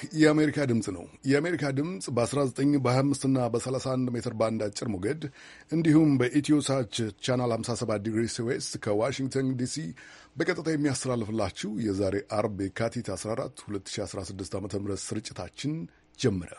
ይህ የአሜሪካ ድምፅ ነው። የአሜሪካ ድምፅ በ19 በ25ና በ31 ሜትር ባንድ አጭር ሞገድ እንዲሁም በኢትዮሳች ቻናል 57 ዲግሪ ዌስት ከዋሽንግተን ዲሲ በቀጥታ የሚያስተላልፍላችሁ የዛሬ አርብ የካቲት 14 2016 ዓ ም ስርጭታችን ጀመረ።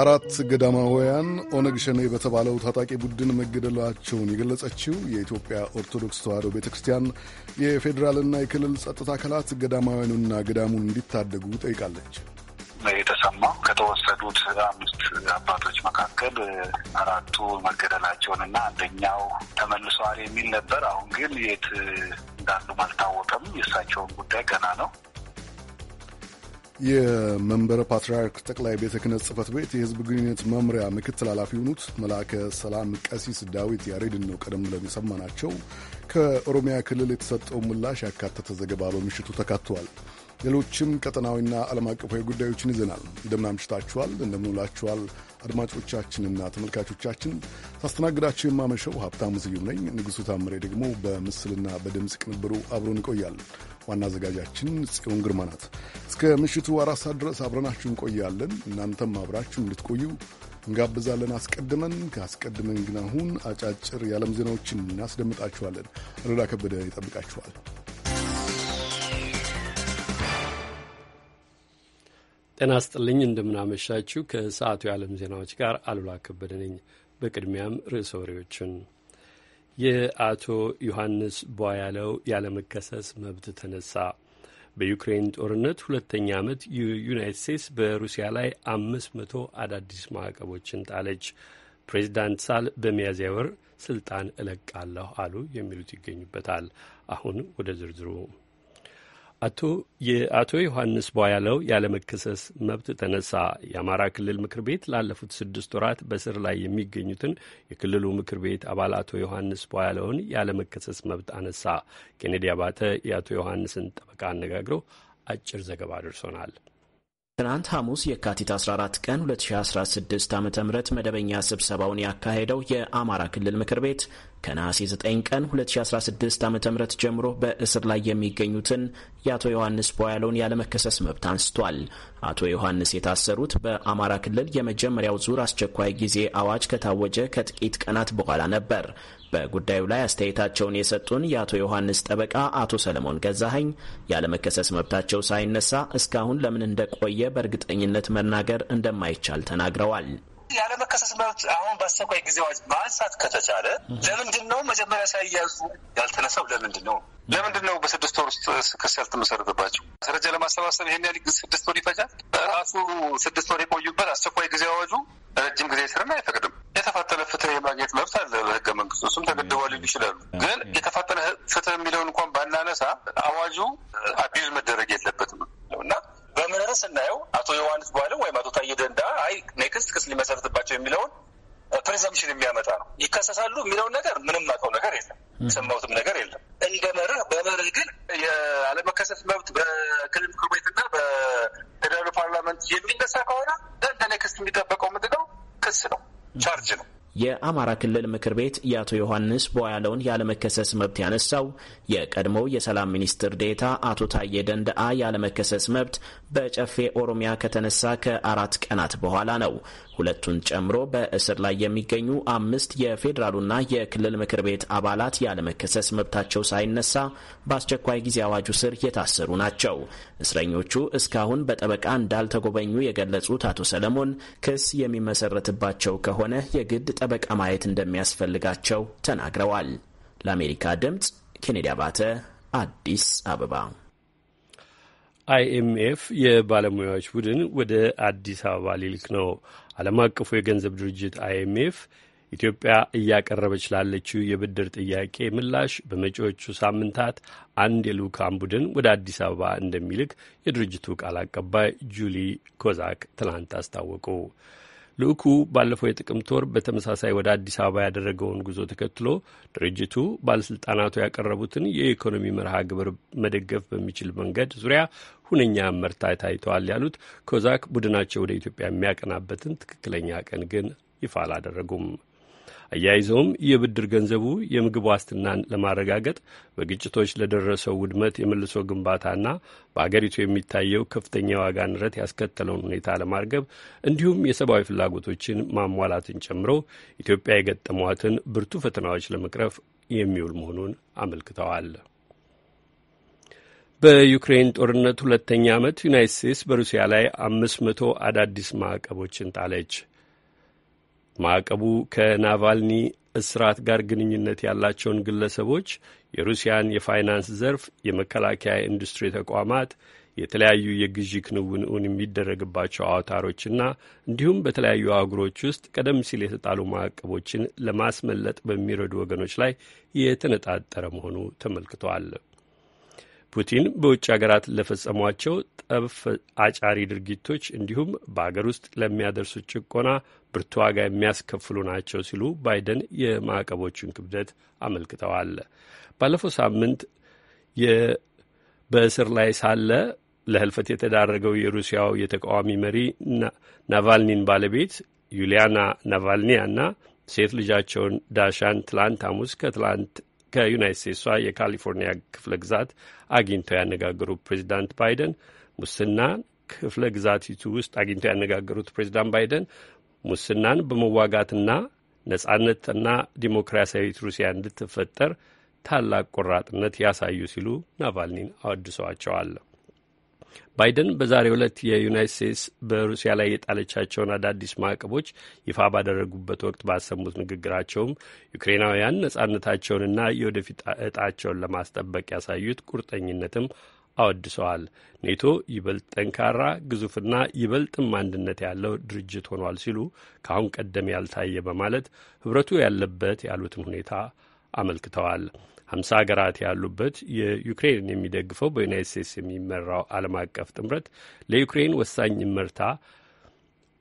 አራት ገዳማውያን ኦነግ ሸኔ በተባለው ታጣቂ ቡድን መገደላቸውን የገለጸችው የኢትዮጵያ ኦርቶዶክስ ተዋሕዶ ቤተ ክርስቲያን የፌዴራልና የክልል ጸጥታ አካላት ገዳማውያኑና ገዳሙን እንዲታደጉ ጠይቃለች። የተሰማው ከተወሰዱት አምስት አባቶች መካከል አራቱ መገደላቸውን እና አንደኛው ተመልሰዋል የሚል ነበር። አሁን ግን የት እንዳሉም አልታወቀም። የእሳቸውን ጉዳይ ገና ነው። የመንበረ ፓትርያርክ ጠቅላይ ቤተ ክህነት ጽሕፈት ቤት የህዝብ ግንኙነት መምሪያ ምክትል ኃላፊ የሆኑት መልአከ ሰላም ቀሲስ ዳዊት ያሬድን ነው ቀደም ብለን የሰማናቸው። ከኦሮሚያ ክልል የተሰጠው ምላሽ ያካተተ ዘገባ በምሽቱ ተካትቷል። ሌሎችም ቀጠናዊና ዓለም አቀፋዊ ጉዳዮችን ይዘናል። እንደምናምሽታችኋል፣ እንደምንውላችኋል አድማጮቻችንና ተመልካቾቻችን ታስተናግዳቸው የማመሸው ሀብታሙ ስዩም ነኝ። ንጉሡ ታምሬ ደግሞ በምስልና በድምፅ ቅንብሩ አብሮን ይቆያል። ዋና አዘጋጃችን ጽዮን ግርማ ናት። እስከ ምሽቱ አራት ሰዓት ድረስ አብረናችሁ እንቆያለን። እናንተም አብራችሁ እንድትቆዩ እንጋብዛለን። አስቀድመን ከአስቀድመን ግን አሁን አጫጭር የዓለም ዜናዎችን እናስደምጣችኋለን። አሉላ ከበደ ይጠብቃችኋል። ጤና ስጥልኝ፣ እንደምናመሻችሁ። ከሰዓቱ የዓለም ዜናዎች ጋር አሉላ ከበደ ነኝ። በቅድሚያም ርዕሰ ወሬዎችን የአቶ ዮሐንስ ቧያለው ያለመከሰስ መብት ተነሳ። በዩክሬን ጦርነት ሁለተኛ ዓመት የዩናይት ስቴትስ በሩሲያ ላይ አምስት መቶ አዳዲስ ማዕቀቦችን ጣለች። ፕሬዚዳንት ሳል በሚያዝያ ወር ስልጣን እለቃለሁ አሉ የሚሉት ይገኙበታል። አሁን ወደ ዝርዝሩ አቶ የአቶ ዮሐንስ ቧያለው ያለመከሰስ መብት ተነሳ። የአማራ ክልል ምክር ቤት ላለፉት ስድስት ወራት በስር ላይ የሚገኙትን የክልሉ ምክር ቤት አባል አቶ ዮሐንስ ቧያለውን ያለመከሰስ መብት አነሳ። ኬኔዲ አባተ የአቶ ዮሐንስን ጠበቃ አነጋግረው አጭር ዘገባ ደርሶናል። ትናንት ሐሙስ የካቲት 14 ቀን 2016 ዓ ም መደበኛ ስብሰባውን ያካሄደው የአማራ ክልል ምክር ቤት ከነሐሴ 9 ቀን 2016 ዓ ም ጀምሮ በእስር ላይ የሚገኙትን የአቶ ዮሐንስ ቧያለውን ያለመከሰስ መብት አንስቷል። አቶ ዮሐንስ የታሰሩት በአማራ ክልል የመጀመሪያው ዙር አስቸኳይ ጊዜ አዋጅ ከታወጀ ከጥቂት ቀናት በኋላ ነበር። በጉዳዩ ላይ አስተያየታቸውን የሰጡን የአቶ ዮሐንስ ጠበቃ አቶ ሰለሞን ገዛሀኝ ያለመከሰስ መብታቸው ሳይነሳ እስካሁን ለምን እንደቆየ በእርግጠኝነት መናገር እንደማይቻል ተናግረዋል። ያለመከሰስ መብት አሁን በአስቸኳይ ጊዜ አዋጅ ማንሳት ከተቻለ ለምንድን ነው መጀመሪያ ሳያዙ ያልተነሳው? ለምንድን ነው ለምንድን ነው በስድስት ወር ውስጥ ክስ ያልተመሰረተባቸው? ማስረጃ ለማሰባሰብ ይሄን ያህል ስድስት ወር ይፈጃል? ራሱ ስድስት ወር የቆዩበት አስቸኳይ ጊዜ አዋጁ ረጅም ጊዜ ስርን አይፈቅድም። የተፋጠነ ፍትህ የማግኘት መብት አለ በህገ መንግስቱ፣ እሱም ተገድበው ሊሉ ይችላሉ። ግን የተፋጠነ ፍትህ የሚለውን እንኳን ባናነሳ አዋጁ አቢዩዝ መደረግ የለበትም እና በምህረት ስናየው አቶ ዮሐንስ ቧልም ወይም አቶ ታዬ ደንዳ አይ ኔክስት ክስ ሊመሰረትባቸው የሚለውን ፕሬዘምሽን የሚያመጣ ነው። ይከሰሳሉ የሚለውን ነገር ምንም አውቀው ነገር የለም። የሰማሁትም የአማራ ክልል ምክር ቤት የአቶ ዮሐንስ ቧያለውን ያለመከሰስ መብት ያነሳው የቀድሞው የሰላም ሚኒስትር ዴታ አቶ ታዬ ደንደአ ያለመከሰስ መብት በጨፌ ኦሮሚያ ከተነሳ ከአራት ቀናት በኋላ ነው። ሁለቱን ጨምሮ በእስር ላይ የሚገኙ አምስት የፌዴራሉና የክልል ምክር ቤት አባላት ያለመከሰስ መብታቸው ሳይነሳ በአስቸኳይ ጊዜ አዋጁ ስር የታሰሩ ናቸው። እስረኞቹ እስካሁን በጠበቃ እንዳልተጎበኙ የገለጹት አቶ ሰለሞን ክስ የሚመሰረትባቸው ከሆነ የግድ ጠበቃ ማየት እንደሚያስፈልጋቸው ተናግረዋል። ለአሜሪካ ድምፅ ኬኔዲ አባተ አዲስ አበባ። አይኤምኤፍ የባለሙያዎች ቡድን ወደ አዲስ አበባ ሊልክ ነው። ዓለም አቀፉ የገንዘብ ድርጅት አይኤምኤፍ ኢትዮጵያ እያቀረበች ላለችው የብድር ጥያቄ ምላሽ በመጪዎቹ ሳምንታት አንድ የልዑካን ቡድን ወደ አዲስ አበባ እንደሚልክ የድርጅቱ ቃል አቀባይ ጁሊ ኮዛክ ትናንት አስታወቁ። ልዑኩ ባለፈው የጥቅምት ወር በተመሳሳይ ወደ አዲስ አበባ ያደረገውን ጉዞ ተከትሎ ድርጅቱ ባለስልጣናቱ ያቀረቡትን የኢኮኖሚ መርሃ ግብር መደገፍ በሚችል መንገድ ዙሪያ ሁነኛ መርታ ታይተዋል ያሉት ኮዛክ ቡድናቸው ወደ ኢትዮጵያ የሚያቀናበትን ትክክለኛ ቀን ግን ይፋ አላደረጉም። አያይዘውም የብድር ገንዘቡ የምግብ ዋስትናን ለማረጋገጥ በግጭቶች ለደረሰው ውድመት የመልሶ ግንባታና በአገሪቱ የሚታየው ከፍተኛ የዋጋ ንረት ያስከተለውን ሁኔታ ለማርገብ እንዲሁም የሰብአዊ ፍላጎቶችን ማሟላትን ጨምሮ ኢትዮጵያ የገጠሟትን ብርቱ ፈተናዎች ለመቅረፍ የሚውል መሆኑን አመልክተዋል። በዩክሬን ጦርነት ሁለተኛ ዓመት ዩናይት ስቴትስ በሩሲያ ላይ አምስት መቶ አዳዲስ ማዕቀቦችን ጣለች። ማዕቀቡ ከናቫልኒ እስራት ጋር ግንኙነት ያላቸውን ግለሰቦች፣ የሩሲያን የፋይናንስ ዘርፍ፣ የመከላከያ ኢንዱስትሪ ተቋማት፣ የተለያዩ የግዢ ክንውን የሚደረግባቸው አውታሮችና እንዲሁም በተለያዩ አህጉሮች ውስጥ ቀደም ሲል የተጣሉ ማዕቀቦችን ለማስመለጥ በሚረዱ ወገኖች ላይ የተነጣጠረ መሆኑ ተመልክቷል። ፑቲን በውጭ ሀገራት ለፈጸሟቸው ጠብ አጫሪ ድርጊቶች እንዲሁም በአገር ውስጥ ለሚያደርሱ ጭቆና ብርቱ ዋጋ የሚያስከፍሉ ናቸው ሲሉ ባይደን የማዕቀቦቹን ክብደት አመልክተዋል። ባለፈው ሳምንት በእስር ላይ ሳለ ለህልፈት የተዳረገው የሩሲያው የተቃዋሚ መሪ ናቫልኒን ባለቤት ዩሊያና ናቫልኒያና ሴት ልጃቸውን ዳሻን ትላንት ሐሙስ ከትላንት ከዩናይት ስቴትሷ የካሊፎርኒያ ክፍለ ግዛት አግኝተው ያነጋገሩ ፕሬዚዳንት ባይደን ሙስና ክፍለ ግዛቲቱ ውስጥ አግኝተው ያነጋገሩት ፕሬዚዳንት ባይደን ሙስናን በመዋጋትና ነጻነትና ዲሞክራሲያዊት ሩሲያ እንድትፈጠር ታላቅ ቆራጥነት ያሳዩ ሲሉ ናቫልኒን አወድሰዋቸዋል። ባይደን በዛሬው ዕለት የዩናይት ስቴትስ በሩሲያ ላይ የጣለቻቸውን አዳዲስ ማዕቀቦች ይፋ ባደረጉበት ወቅት ባሰሙት ንግግራቸውም ዩክሬናውያን ነጻነታቸውንና የወደፊት እጣቸውን ለማስጠበቅ ያሳዩት ቁርጠኝነትም አወድሰዋል። ኔቶ ይበልጥ ጠንካራ ግዙፍና ይበልጥም አንድነት ያለው ድርጅት ሆኗል ሲሉ ከአሁን ቀደም ያልታየ በማለት ህብረቱ ያለበት ያሉትን ሁኔታ አመልክተዋል። ሀምሳ ሀገራት ያሉበት የዩክሬንን የሚደግፈው በዩናይት ስቴትስ የሚመራው ዓለም አቀፍ ጥምረት ለዩክሬን ወሳኝ ምርታ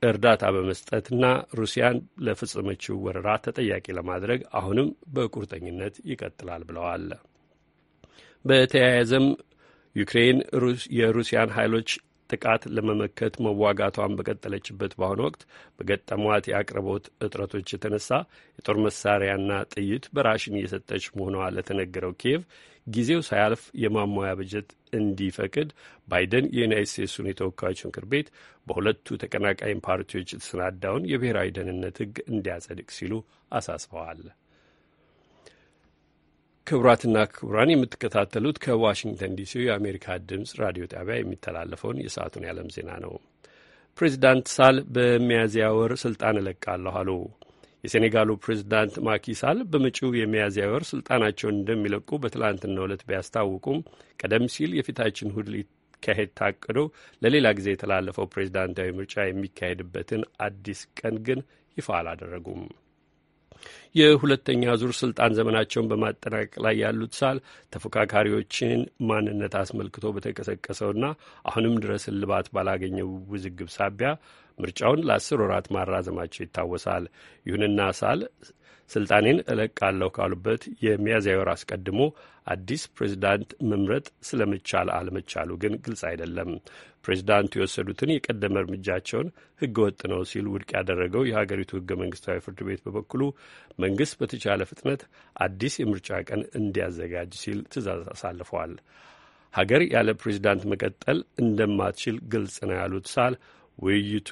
እርዳታ በመስጠትና ሩሲያን ለፈጸመችው ወረራ ተጠያቂ ለማድረግ አሁንም በቁርጠኝነት ይቀጥላል ብለዋል። በተያያዘም ዩክሬን የሩሲያን ኃይሎች ጥቃት ለመመከት መዋጋቷን በቀጠለችበት በአሁኑ ወቅት በገጠሟት የአቅርቦት እጥረቶች የተነሳ የጦር መሳሪያና ጥይት በራሽን እየሰጠች መሆኗ ለተነገረው ኪየቭ ጊዜው ሳያልፍ የማሟያ በጀት እንዲፈቅድ ባይደን የዩናይት ስቴትሱን የተወካዮች ምክር ቤት በሁለቱ ተቀናቃኝ ፓርቲዎች የተሰናዳውን የብሔራዊ ደህንነት ሕግ እንዲያጸድቅ ሲሉ አሳስበዋል። ክቡራትና ክቡራን የምትከታተሉት ከዋሽንግተን ዲሲ የአሜሪካ ድምፅ ራዲዮ ጣቢያ የሚተላለፈውን የሰዓቱን የዓለም ዜና ነው። ፕሬዚዳንት ሳል በሚያዝያ ወር ስልጣን እለቃለሁ አሉ። የሴኔጋሉ ፕሬዚዳንት ማኪ ሳል በመጪው የሚያዝያ ወር ስልጣናቸውን እንደሚለቁ በትላንትናው ዕለት ቢያስታውቁም ቀደም ሲል የፊታችን እሁድ ሊካሄድ ታቅዶ ለሌላ ጊዜ የተላለፈው ፕሬዚዳንታዊ ምርጫ የሚካሄድበትን አዲስ ቀን ግን ይፋ አላደረጉም። የሁለተኛ ዙር ስልጣን ዘመናቸውን በማጠናቀቅ ላይ ያሉት ሳል ተፎካካሪዎችን ማንነት አስመልክቶ በተቀሰቀሰውና አሁንም ድረስ እልባት ባላገኘው ውዝግብ ሳቢያ ምርጫውን ለአስር ወራት ማራዘማቸው ይታወሳል። ይሁንና ሳል ስልጣኔን እለቃለሁ ካሉበት የሚያዝያ ወር አስቀድሞ አዲስ ፕሬዚዳንት መምረጥ ስለመቻል አለመቻሉ ግን ግልጽ አይደለም። ፕሬዚዳንቱ የወሰዱትን የቀደመ እርምጃቸውን ህገ ወጥ ነው ሲል ውድቅ ያደረገው የሀገሪቱ ህገ መንግስታዊ ፍርድ ቤት በበኩሉ መንግስት በተቻለ ፍጥነት አዲስ የምርጫ ቀን እንዲያዘጋጅ ሲል ትእዛዝ አሳልፈዋል። ሀገር ያለ ፕሬዚዳንት መቀጠል እንደማትችል ግልጽ ነው ያሉት ሳል ውይይቱ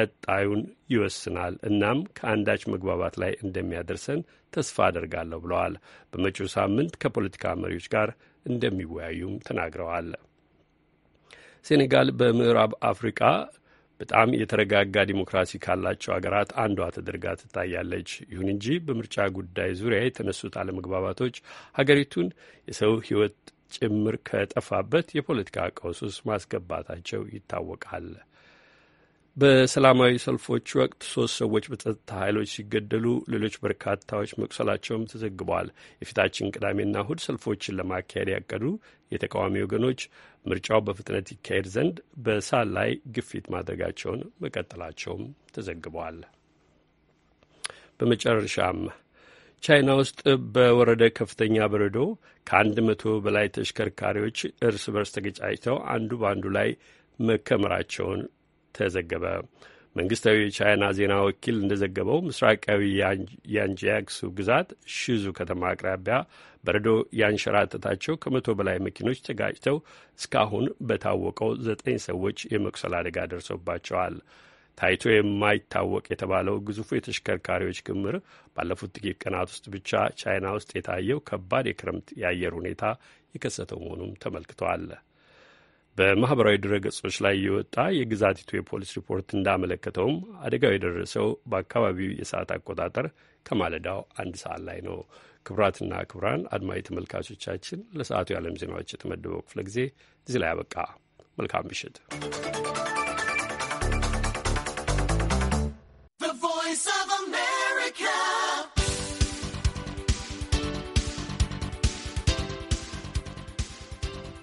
ቀጣዩን ይወስናል። እናም ከአንዳች መግባባት ላይ እንደሚያደርሰን ተስፋ አደርጋለሁ ብለዋል። በመጪው ሳምንት ከፖለቲካ መሪዎች ጋር እንደሚወያዩም ተናግረዋል። ሴኔጋል በምዕራብ አፍሪቃ በጣም የተረጋጋ ዲሞክራሲ ካላቸው ሀገራት አንዷ ተደርጋ ትታያለች። ይሁን እንጂ በምርጫ ጉዳይ ዙሪያ የተነሱት አለመግባባቶች ሀገሪቱን የሰው ሕይወት ጭምር ከጠፋበት የፖለቲካ ቀውስ ውስጥ ማስገባታቸው ይታወቃል። በሰላማዊ ሰልፎች ወቅት ሶስት ሰዎች በጸጥታ ኃይሎች ሲገደሉ ሌሎች በርካታዎች መቁሰላቸውም ተዘግበዋል። የፊታችን ቅዳሜና እሁድ ሰልፎችን ለማካሄድ ያቀዱ የተቃዋሚ ወገኖች ምርጫው በፍጥነት ይካሄድ ዘንድ በሳል ላይ ግፊት ማድረጋቸውን መቀጠላቸውም ተዘግበዋል። በመጨረሻም ቻይና ውስጥ በወረደ ከፍተኛ በረዶ ከአንድ መቶ በላይ ተሽከርካሪዎች እርስ በርስ ተገጫጭተው አንዱ በአንዱ ላይ መከመራቸውን ተዘገበ። መንግስታዊ የቻይና ዜና ወኪል እንደዘገበው ምስራቃዊ ያንጂያክሱ ግዛት ሽዙ ከተማ አቅራቢያ በረዶ ያንሸራተታቸው ከመቶ በላይ መኪኖች ተጋጭተው እስካሁን በታወቀው ዘጠኝ ሰዎች የመቁሰል አደጋ ደርሶባቸዋል። ታይቶ የማይታወቅ የተባለው ግዙፉ የተሽከርካሪዎች ክምር ባለፉት ጥቂት ቀናት ውስጥ ብቻ ቻይና ውስጥ የታየው ከባድ የክረምት የአየር ሁኔታ የከሰተው መሆኑም ተመልክተዋል። በማኅበራዊ ድረገጾች ላይ የወጣ የግዛቲቱ የፖሊስ ሪፖርት እንዳመለከተውም አደጋው የደረሰው በአካባቢው የሰዓት አቆጣጠር ከማለዳው አንድ ሰዓት ላይ ነው። ክቡራትና ክቡራን አድማዊ ተመልካቾቻችን ለሰዓቱ የዓለም ዜናዎች የተመደበው ክፍለ ጊዜ እዚህ ላይ አበቃ። መልካም ምሽት።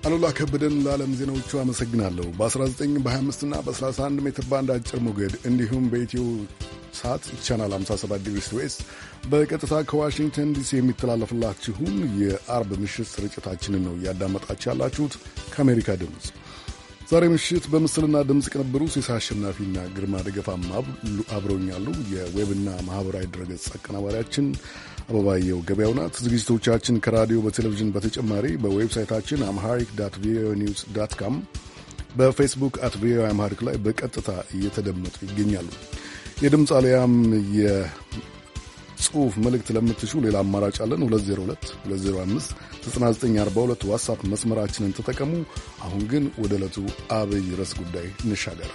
አሉላ ከበደን ለዓለም ዜናዎቹ አመሰግናለሁ። በ19 በ25 እና በ31 ሜትር ባንድ አጭር ሞገድ እንዲሁም በኢትዮ ሰዓት ቻናል 57 ዲግሪ ዌስት በቀጥታ ከዋሽንግተን ዲሲ የሚተላለፍላችሁን የአርብ ምሽት ስርጭታችንን ነው እያዳመጣችሁ ያላችሁት ከአሜሪካ ድምፅ ዛሬ ምሽት በምስልና ድምፅ ቅንብሩ ሴሳ አሸናፊና ግርማ ደገፋም አብረውኛሉ። የዌብና ማህበራዊ ድረገጽ አቀናባሪያችን አበባየው ገበያው ናት። ዝግጅቶቻችን ከራዲዮ በቴሌቪዥን በተጨማሪ በዌብሳይታችን አምሃሪክ ዳት ቪኦኤ ኒውስ ዳት ካም፣ በፌስቡክ አት ቪኦኤ አምሃሪክ ላይ በቀጥታ እየተደመጡ ይገኛሉ። የድምፅ አሊያም ጽሁፍ መልእክት ለምትሹ ሌላ አማራጭ አለን። 202 ዋትሳፕ መስመራችንን ተጠቀሙ። አሁን ግን ወደ ዕለቱ አብይ ርዕስ ጉዳይ እንሻገር።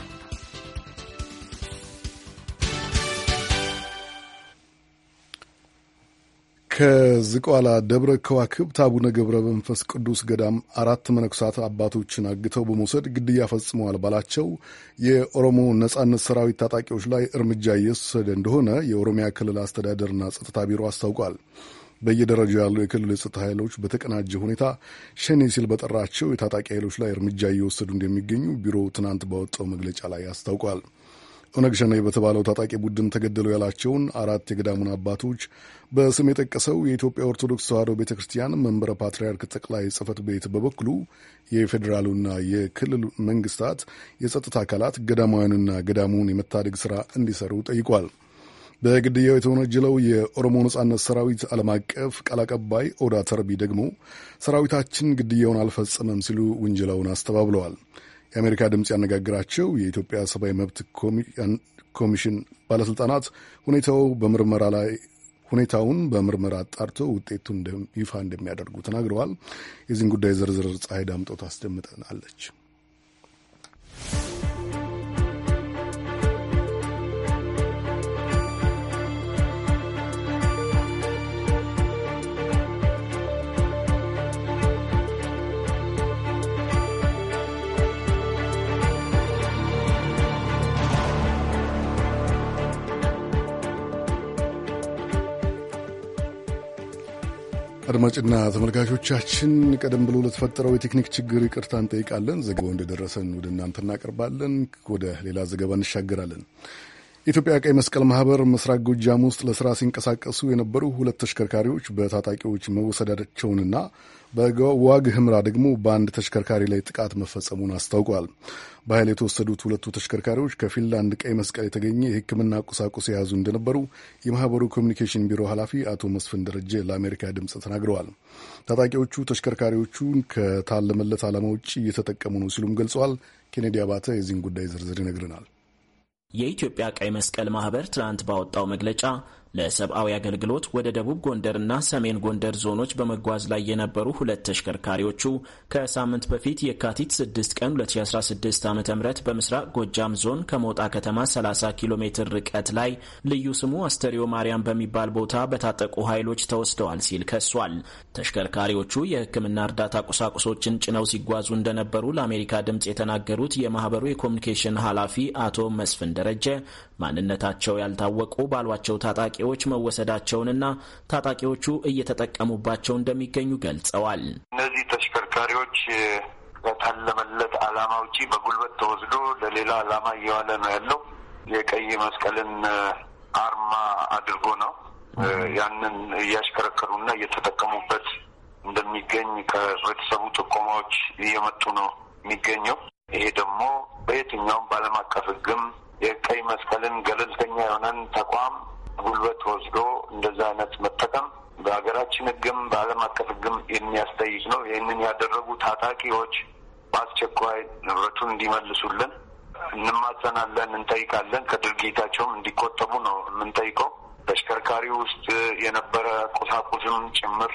ከዝቋላ ደብረ ከዋክብት አቡነ ገብረ መንፈስ ቅዱስ ገዳም አራት መነኩሳት አባቶችን አግተው በመውሰድ ግድያ ፈጽመዋል ባላቸው የኦሮሞ ነጻነት ሰራዊት ታጣቂዎች ላይ እርምጃ እየወሰደ እንደሆነ የኦሮሚያ ክልል አስተዳደርና ጸጥታ ቢሮ አስታውቋል። በየደረጃው ያሉ የክልል የጸጥታ ኃይሎች በተቀናጀ ሁኔታ ሸኔ ሲል በጠራቸው የታጣቂ ኃይሎች ላይ እርምጃ እየወሰዱ እንደሚገኙ ቢሮው ትናንት ባወጣው መግለጫ ላይ አስታውቋል። ኦነግ ሸኔ በተባለው ታጣቂ ቡድን ተገደሉ ያላቸውን አራት የገዳሙን አባቶች በስም የጠቀሰው የኢትዮጵያ ኦርቶዶክስ ተዋሕዶ ቤተ ክርስቲያን መንበረ ፓትርያርክ ጠቅላይ ጽሕፈት ቤት በበኩሉ የፌዴራሉና የክልል መንግስታት የጸጥታ አካላት ገዳማውያንና ገዳሙን የመታደግ ሥራ እንዲሰሩ ጠይቋል። በግድያው የተወነጀለው የኦሮሞ ነጻነት ሰራዊት ዓለም አቀፍ ቃል አቀባይ ኦዳ ተርቢ ደግሞ ሰራዊታችን ግድያውን አልፈጸመም ሲሉ ውንጀላውን አስተባብለዋል። የአሜሪካ ድምፅ ያነጋግራቸው የኢትዮጵያ ሰብአዊ መብት ኮሚሽን ባለስልጣናት ሁኔታው በምርመራ ላይ ሁኔታውን በምርመራ አጣርቶ ውጤቱን ይፋ እንደሚያደርጉ ተናግረዋል። የዚህን ጉዳይ ዝርዝር ፀሐይ ዳምጦት አስደምጠናለች። አድማጭና ተመልካቾቻችን ቀደም ብሎ ለተፈጠረው የቴክኒክ ችግር ይቅርታ እንጠይቃለን። ዘገባው እንደደረሰን ወደ እናንተ እናቀርባለን። ወደ ሌላ ዘገባ እንሻገራለን። የኢትዮጵያ ቀይ መስቀል ማህበር ምስራቅ ጎጃም ውስጥ ለስራ ሲንቀሳቀሱ የነበሩ ሁለት ተሽከርካሪዎች በታጣቂዎች መወሰዳቸውንና በዋግ ህምራ ደግሞ በአንድ ተሽከርካሪ ላይ ጥቃት መፈጸሙን አስታውቋል። በኃይል የተወሰዱት ሁለቱ ተሽከርካሪዎች ከፊንላንድ ቀይ መስቀል የተገኘ የሕክምና ቁሳቁስ የያዙ እንደነበሩ የማህበሩ ኮሚኒኬሽን ቢሮ ኃላፊ አቶ መስፍን ደረጀ ለአሜሪካ ድምፅ ተናግረዋል። ታጣቂዎቹ ተሽከርካሪዎቹን ከታለመለት ዓላማ ውጭ እየተጠቀሙ ነው ሲሉም ገልጸዋል። ኬኔዲ አባተ የዚህን ጉዳይ ዝርዝር ይነግረናል። የኢትዮጵያ ቀይ መስቀል ማህበር ትናንት ባወጣው መግለጫ ለሰብአዊ አገልግሎት ወደ ደቡብ ጎንደርና ሰሜን ጎንደር ዞኖች በመጓዝ ላይ የነበሩ ሁለት ተሽከርካሪዎቹ ከሳምንት በፊት የካቲት 6 ቀን 2016 ዓ ም በምስራቅ ጎጃም ዞን ከሞጣ ከተማ 30 ኪሎ ሜትር ርቀት ላይ ልዩ ስሙ አስተሪዮ ማርያም በሚባል ቦታ በታጠቁ ኃይሎች ተወስደዋል ሲል ከሷል። ተሽከርካሪዎቹ የሕክምና እርዳታ ቁሳቁሶችን ጭነው ሲጓዙ እንደነበሩ ለአሜሪካ ድምፅ የተናገሩት የማህበሩ የኮሚኒኬሽን ኃላፊ አቶ መስፍን ደረጀ ማንነታቸው ያልታወቁ ባሏቸው ታጣቂ ጥያቄዎች መወሰዳቸውንና ታጣቂዎቹ እየተጠቀሙባቸው እንደሚገኙ ገልጸዋል። እነዚህ ተሽከርካሪዎች ከታለመለት ዓላማ ውጪ በጉልበት ተወስዶ ለሌላ ዓላማ እየዋለ ነው ያለው። የቀይ መስቀልን አርማ አድርጎ ነው ያንን እያሽከረከሩና እየተጠቀሙበት እንደሚገኝ ከህብረተሰቡ ጥቆማዎች እየመጡ ነው የሚገኘው። ይሄ ደግሞ በየትኛውም በዓለም አቀፍ ሕግም የቀይ መስቀልን ገለልተኛ የሆነን ተቋም ጉልበት ወስዶ እንደዛ አይነት መጠቀም በሀገራችን ህግም በዓለም አቀፍ ህግም የሚያስጠይቅ ነው። ይህንን ያደረጉ ታጣቂዎች በአስቸኳይ ንብረቱን እንዲመልሱልን እንማጸናለን፣ እንጠይቃለን። ከድርጊታቸውም እንዲቆጠቡ ነው የምንጠይቀው። ተሽከርካሪ ውስጥ የነበረ ቁሳቁስም ጭምር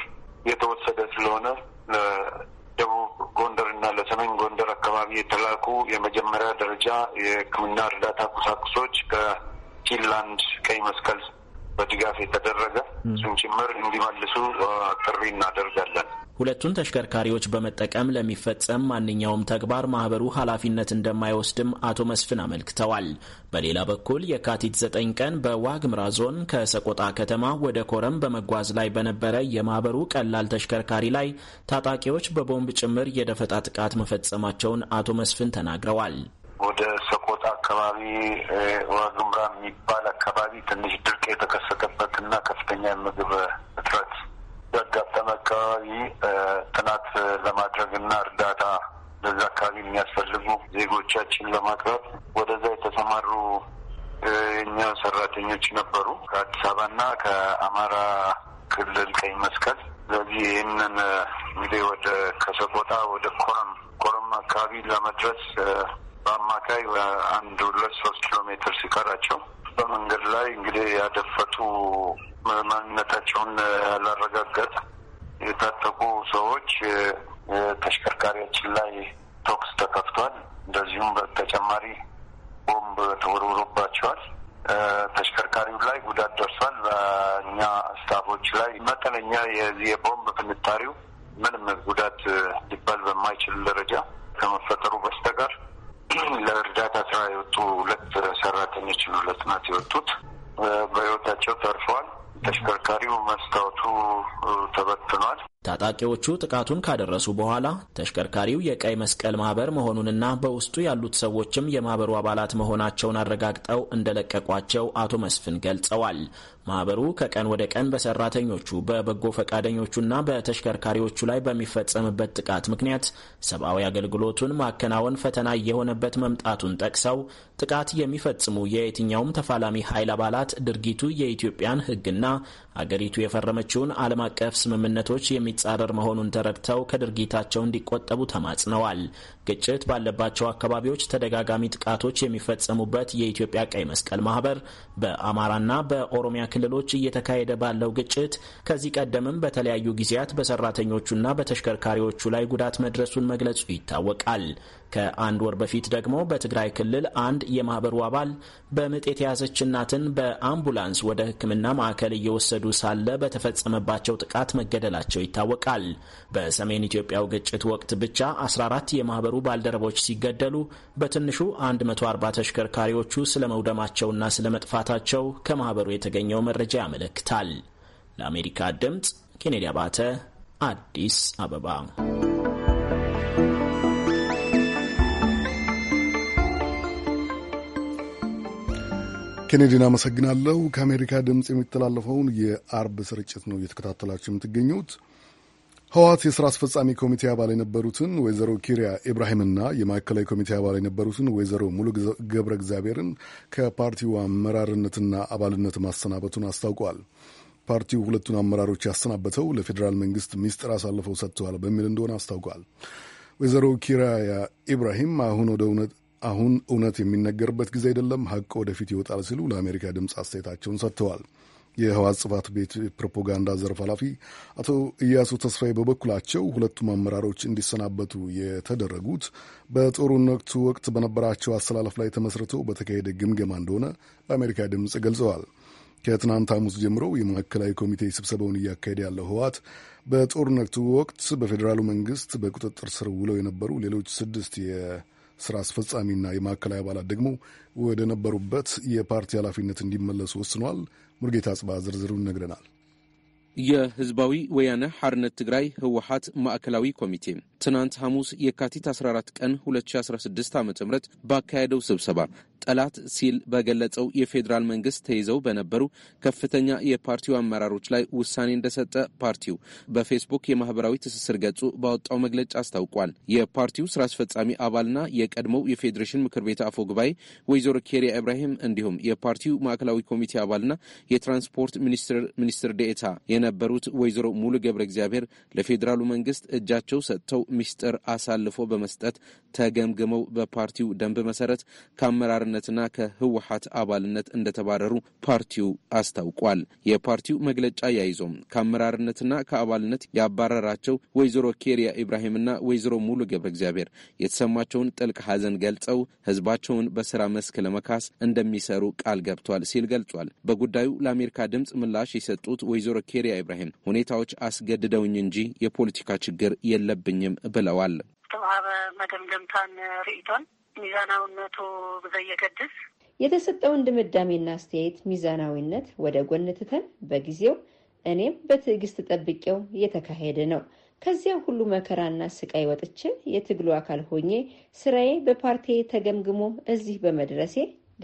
የተወሰደ ስለሆነ ለደቡብ ጎንደር እና ለሰሜን ጎንደር አካባቢ የተላኩ የመጀመሪያ ደረጃ የሕክምና እርዳታ ቁሳቁሶች ከ ፊንላንድ ቀይ መስቀል በድጋፍ የተደረገ እሱን ጭምር እንዲመልሱ ጥሪ እናደርጋለን። ሁለቱን ተሽከርካሪዎች በመጠቀም ለሚፈጸም ማንኛውም ተግባር ማህበሩ ኃላፊነት እንደማይወስድም አቶ መስፍን አመልክተዋል። በሌላ በኩል የካቲት ዘጠኝ ቀን በዋግምራ ዞን ከሰቆጣ ከተማ ወደ ኮረም በመጓዝ ላይ በነበረ የማህበሩ ቀላል ተሽከርካሪ ላይ ታጣቂዎች በቦምብ ጭምር የደፈጣ ጥቃት መፈጸማቸውን አቶ መስፍን ተናግረዋል። ወደ ቦታ አካባቢ ዋግምራ የሚባል አካባቢ ትንሽ ድርቅ የተከሰተበት ና ከፍተኛ የምግብ እጥረት ያጋጠመ አካባቢ ጥናት ለማድረግና እርዳታ ለዛ አካባቢ የሚያስፈልጉ ዜጎቻችን ለማቅረብ ወደዛ የተሰማሩ የኛ ሰራተኞች ነበሩ ከአዲስ አበባና ከአማራ ክልል ቀይ መስቀል። ስለዚህ ይህንን እንግዲህ ወደ ከሰቆጣ ወደ ኮረም ኮረም አካባቢ ለመድረስ በአማካይ አንድ ሁለት ሶስት ኪሎ ሜትር ሲቀራቸው በመንገድ ላይ እንግዲህ ያደፈጡ ማንነታቸውን ያላረጋገጠ የታጠቁ ሰዎች ተሽከርካሪያችን ላይ ተኩስ ተከፍቷል። እንደዚሁም በተጨማሪ ቦምብ ተወርውሮባቸዋል። ተሽከርካሪው ላይ ጉዳት ደርሷል። በእኛ ስታፎች ላይ መጠነኛ የዚህ የቦምብ ፍንጣሪው ምንም ጉዳት ሊባል በማይችል ደረጃ ከመፈጠሩ በስተቀር ለእርዳታ ስራ የወጡ ሁለት ሰራተኞች ነው ለጥናት የወጡት። በህይወታቸው ተርፈዋል። ተሽከርካሪው መስታወቱ ተበትኗል። ታጣቂዎቹ ጥቃቱን ካደረሱ በኋላ ተሽከርካሪው የቀይ መስቀል ማህበር መሆኑንና በውስጡ ያሉት ሰዎችም የማህበሩ አባላት መሆናቸውን አረጋግጠው እንደለቀቋቸው አቶ መስፍን ገልጸዋል። ማህበሩ ከቀን ወደ ቀን በሰራተኞቹ በበጎ ፈቃደኞቹና በተሽከርካሪዎቹ ላይ በሚፈጸምበት ጥቃት ምክንያት ሰብአዊ አገልግሎቱን ማከናወን ፈተና እየሆነበት መምጣቱን ጠቅሰው ጥቃት የሚፈጽሙ የየትኛውም ተፋላሚ ኃይል አባላት ድርጊቱ የኢትዮጵያን ሕግና አገሪቱ የፈረመችውን ዓለም አቀፍ ስምምነቶች የሚጻረር መሆኑን ተረድተው ከድርጊታቸው እንዲቆጠቡ ተማጽነዋል። ግጭት ባለባቸው አካባቢዎች ተደጋጋሚ ጥቃቶች የሚፈጸሙበት የኢትዮጵያ ቀይ መስቀል ማህበር በአማራና በኦሮሚያ ክልሎች እየተካሄደ ባለው ግጭት ከዚህ ቀደምም በተለያዩ ጊዜያት በሰራተኞቹና በተሽከርካሪዎቹ ላይ ጉዳት መድረሱን መግለጹ ይታወቃል። ከአንድ ወር በፊት ደግሞ በትግራይ ክልል አንድ የማህበሩ አባል በምጥ የተያዘች እናትን በአምቡላንስ ወደ ሕክምና ማዕከል እየወሰዱ ሳለ በተፈጸመባቸው ጥቃት መገደላቸው ይታወቃል። በሰሜን ኢትዮጵያው ግጭት ወቅት ብቻ 14 የማህበሩ ባልደረቦች ሲገደሉ በትንሹ 140 ተሽከርካሪዎቹ ስለመውደማቸውና ስለመጥፋታቸው ከማህበሩ የተገኘው መረጃ ያመለክታል። ለአሜሪካ ድምፅ ኬኔዲ አባተ አዲስ አበባ ኬኔዲን አመሰግናለሁ። ከአሜሪካ ድምፅ የሚተላለፈውን የአርብ ስርጭት ነው እየተከታተላችሁ የምትገኙት። ህወሓት የስራ አስፈጻሚ ኮሚቴ አባል የነበሩትን ወይዘሮ ኪሪያ ኢብራሂምና የማዕከላዊ ኮሚቴ አባል የነበሩትን ወይዘሮ ሙሉ ገብረ እግዚአብሔርን ከፓርቲው አመራርነትና አባልነት ማሰናበቱን አስታውቋል። ፓርቲው ሁለቱን አመራሮች ያሰናበተው ለፌዴራል መንግስት ሚስጥር አሳልፈው ሰጥተዋል በሚል እንደሆነ አስታውቋል። ወይዘሮ ኪራያ ኢብራሂም አሁን ወደ እውነት አሁን እውነት የሚነገርበት ጊዜ አይደለም፣ ሀቅ ወደፊት ይወጣል ሲሉ ለአሜሪካ ድምፅ አስተያየታቸውን ሰጥተዋል። የህዋት ጽፋት ቤት ፕሮፓጋንዳ ዘርፍ ኃላፊ አቶ እያሱ ተስፋዬ በበኩላቸው ሁለቱም አመራሮች እንዲሰናበቱ የተደረጉት በጦርነቱ ወቅት በነበራቸው አሰላለፍ ላይ ተመስርቶ በተካሄደ ግምገማ እንደሆነ ለአሜሪካ ድምፅ ገልጸዋል። ከትናንት ሐሙስ ጀምሮ የማዕከላዊ ኮሚቴ ስብሰባውን እያካሄደ ያለው ህዋት በጦርነቱ ወቅት በፌዴራሉ መንግስት በቁጥጥር ስር ውለው የነበሩ ሌሎች ስድስት ስራ አስፈጻሚና የማዕከላዊ አባላት ደግሞ ወደ ነበሩበት የፓርቲ ኃላፊነት እንዲመለሱ ወስኗል። ሙርጌታ ጽባ ዝርዝሩን ነግረናል። የህዝባዊ ወያነ ሐርነት ትግራይ ህወሀት ማዕከላዊ ኮሚቴ ትናንት ሐሙስ የካቲት 14 ቀን 2016 ዓ ም ባካሄደው ስብሰባ ጠላት ሲል በገለጸው የፌዴራል መንግስት ተይዘው በነበሩ ከፍተኛ የፓርቲው አመራሮች ላይ ውሳኔ እንደሰጠ ፓርቲው በፌስቡክ የማህበራዊ ትስስር ገጹ ባወጣው መግለጫ አስታውቋል። የፓርቲው ስራ አስፈጻሚ አባልና የቀድሞው የፌዴሬሽን ምክር ቤት አፈ ጉባኤ ወይዘሮ ኬሪያ ኢብራሂም እንዲሁም የፓርቲው ማዕከላዊ ኮሚቴ አባልና የትራንስፖርት ሚኒስትር ሚኒስትር ዴኤታ የነበሩት ወይዘሮ ሙሉ ገብረ እግዚአብሔር ለፌዴራሉ መንግስት እጃቸው ሰጥተው ሚስጥር አሳልፎ በመስጠት ተገምግመው በፓርቲው ደንብ መሰረት ከአመራርነትና ከህወሀት አባልነት እንደተባረሩ ፓርቲው አስታውቋል። የፓርቲው መግለጫ ያይዞም ከአመራርነትና ከአባልነት ያባረራቸው ወይዘሮ ኬሪያ ኢብራሂምና ወይዘሮ ሙሉ ገብረ እግዚአብሔር የተሰማቸውን ጥልቅ ሐዘን ገልጸው ህዝባቸውን በስራ መስክ ለመካስ እንደሚሰሩ ቃል ገብቷል ሲል ገልጿል። በጉዳዩ ለአሜሪካ ድምፅ ምላሽ የሰጡት ወይዘሮ ኬሪያ ኢብራሂም ሁኔታዎች አስገድደውኝ እንጂ የፖለቲካ ችግር የለብኝም ብለዋል። ተዋህበ መገምገምታን ርእይቶን ሚዛናዊነቱ ብዘየገድስ የተሰጠውን ድምዳሜና አስተያየት ሚዛናዊነት ወደ ጎን ትተን በጊዜው እኔም በትዕግስት ጠብቄው እየተካሄደ ነው። ከዚያ ሁሉ መከራና ስቃይ ወጥቼ የትግሉ አካል ሆኜ ስራዬ በፓርቲ ተገምግሞ እዚህ በመድረሴ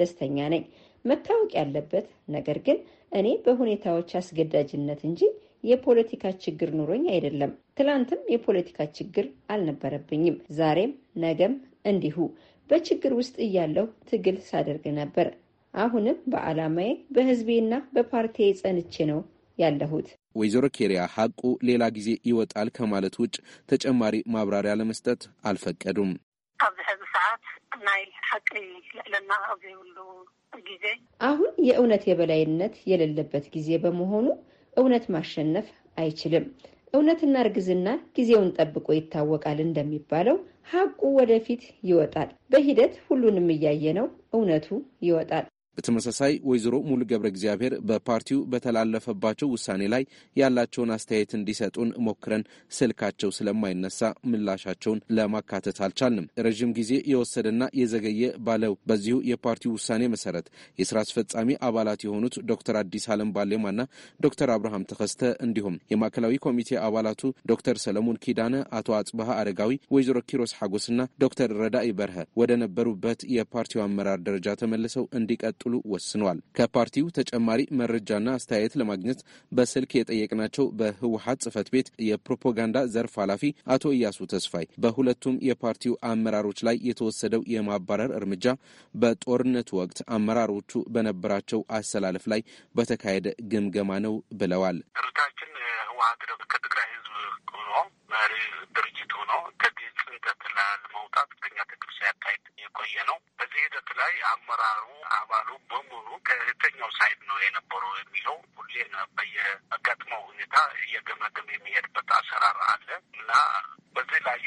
ደስተኛ ነኝ። መታወቅ ያለበት ነገር ግን እኔ በሁኔታዎች አስገዳጅነት እንጂ የፖለቲካ ችግር ኑሮኝ አይደለም። ትላንትም የፖለቲካ ችግር አልነበረብኝም። ዛሬም ነገም እንዲሁ በችግር ውስጥ እያለሁ ትግል ሳደርግ ነበር። አሁንም በዓላማዬ በህዝቤና በፓርቲዬ ጸንቼ ነው ያለሁት። ወይዘሮ ኬሪያ ሀቁ ሌላ ጊዜ ይወጣል ከማለት ውጭ ተጨማሪ ማብራሪያ ለመስጠት አልፈቀዱም። ኣብዚ ሕዚ ሰዓት ናይ ሓቂ ልዕልና ኣብ ዘይብሉ ግዜ አሁን የእውነት የበላይነት የሌለበት ጊዜ በመሆኑ እውነት ማሸነፍ አይችልም። እውነትና እርግዝና ጊዜውን ጠብቆ ይታወቃል እንደሚባለው ሀቁ ወደፊት ይወጣል። በሂደት ሁሉንም እያየ ነው እውነቱ ይወጣል። በተመሳሳይ ወይዘሮ ሙሉ ገብረ እግዚአብሔር በፓርቲው በተላለፈባቸው ውሳኔ ላይ ያላቸውን አስተያየት እንዲሰጡን ሞክረን ስልካቸው ስለማይነሳ ምላሻቸውን ለማካተት አልቻልንም። ረዥም ጊዜ የወሰደና የዘገየ ባለው በዚሁ የፓርቲው ውሳኔ መሰረት የስራ አስፈጻሚ አባላት የሆኑት ዶክተር አዲስ አለም ባሌማና ዶክተር አብርሃም ተከስተ እንዲሁም የማዕከላዊ ኮሚቴ አባላቱ ዶክተር ሰለሞን ኪዳነ፣ አቶ አጽበሃ አረጋዊ፣ ወይዘሮ ኪሮስ ሐጎስና ዶክተር ረዳኢ በርሀ ወደ ነበሩበት የፓርቲው አመራር ደረጃ ተመልሰው እንዲቀጥ እንዲቀጥሉ ወስኗል። ከፓርቲው ተጨማሪ መረጃና አስተያየት ለማግኘት በስልክ የጠየቅናቸው በህወሀት ጽህፈት ቤት የፕሮፓጋንዳ ዘርፍ ኃላፊ አቶ እያሱ ተስፋይ በሁለቱም የፓርቲው አመራሮች ላይ የተወሰደው የማባረር እርምጃ በጦርነቱ ወቅት አመራሮቹ በነበራቸው አሰላለፍ ላይ በተካሄደ ግምገማ ነው ብለዋል። ድርጅታችን ህወሀት ከትግራይ ህዝብ ሆኖ መሪ ድርጅት ሆኖ ከዚህ ሂደት ላለመውጣት ከኛ ትግል ሲያካሄድ የቆየ ነው። በዚህ ሂደት ላይ አመራሩ አባሉ በሙሉ ከየትኛው ሳይድ ነው የነበረው የሚለው ሁሌ በየገጥመው ሁኔታ እየገመገመ የሚሄድበት አሰራር አለ እና በዚህ ላይ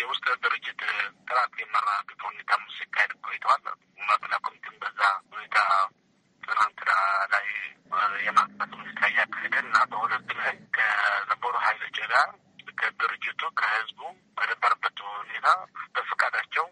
የውስጥ ድርጅት ጥራት የመራግጥ ሁኔታ ሲካሄድ ቆይተዋል። መቅለ ኮሚቴም በዛ ሁኔታ ትናንትና ላይ የማቅጣት ሁኔታ እያካሄደ እና በሁለት ላይ ከነበሩ ሀይሎች ጋር ከድርጅቱ ከህዝቡ በነበረበት ሁኔታ በፈቃዳቸው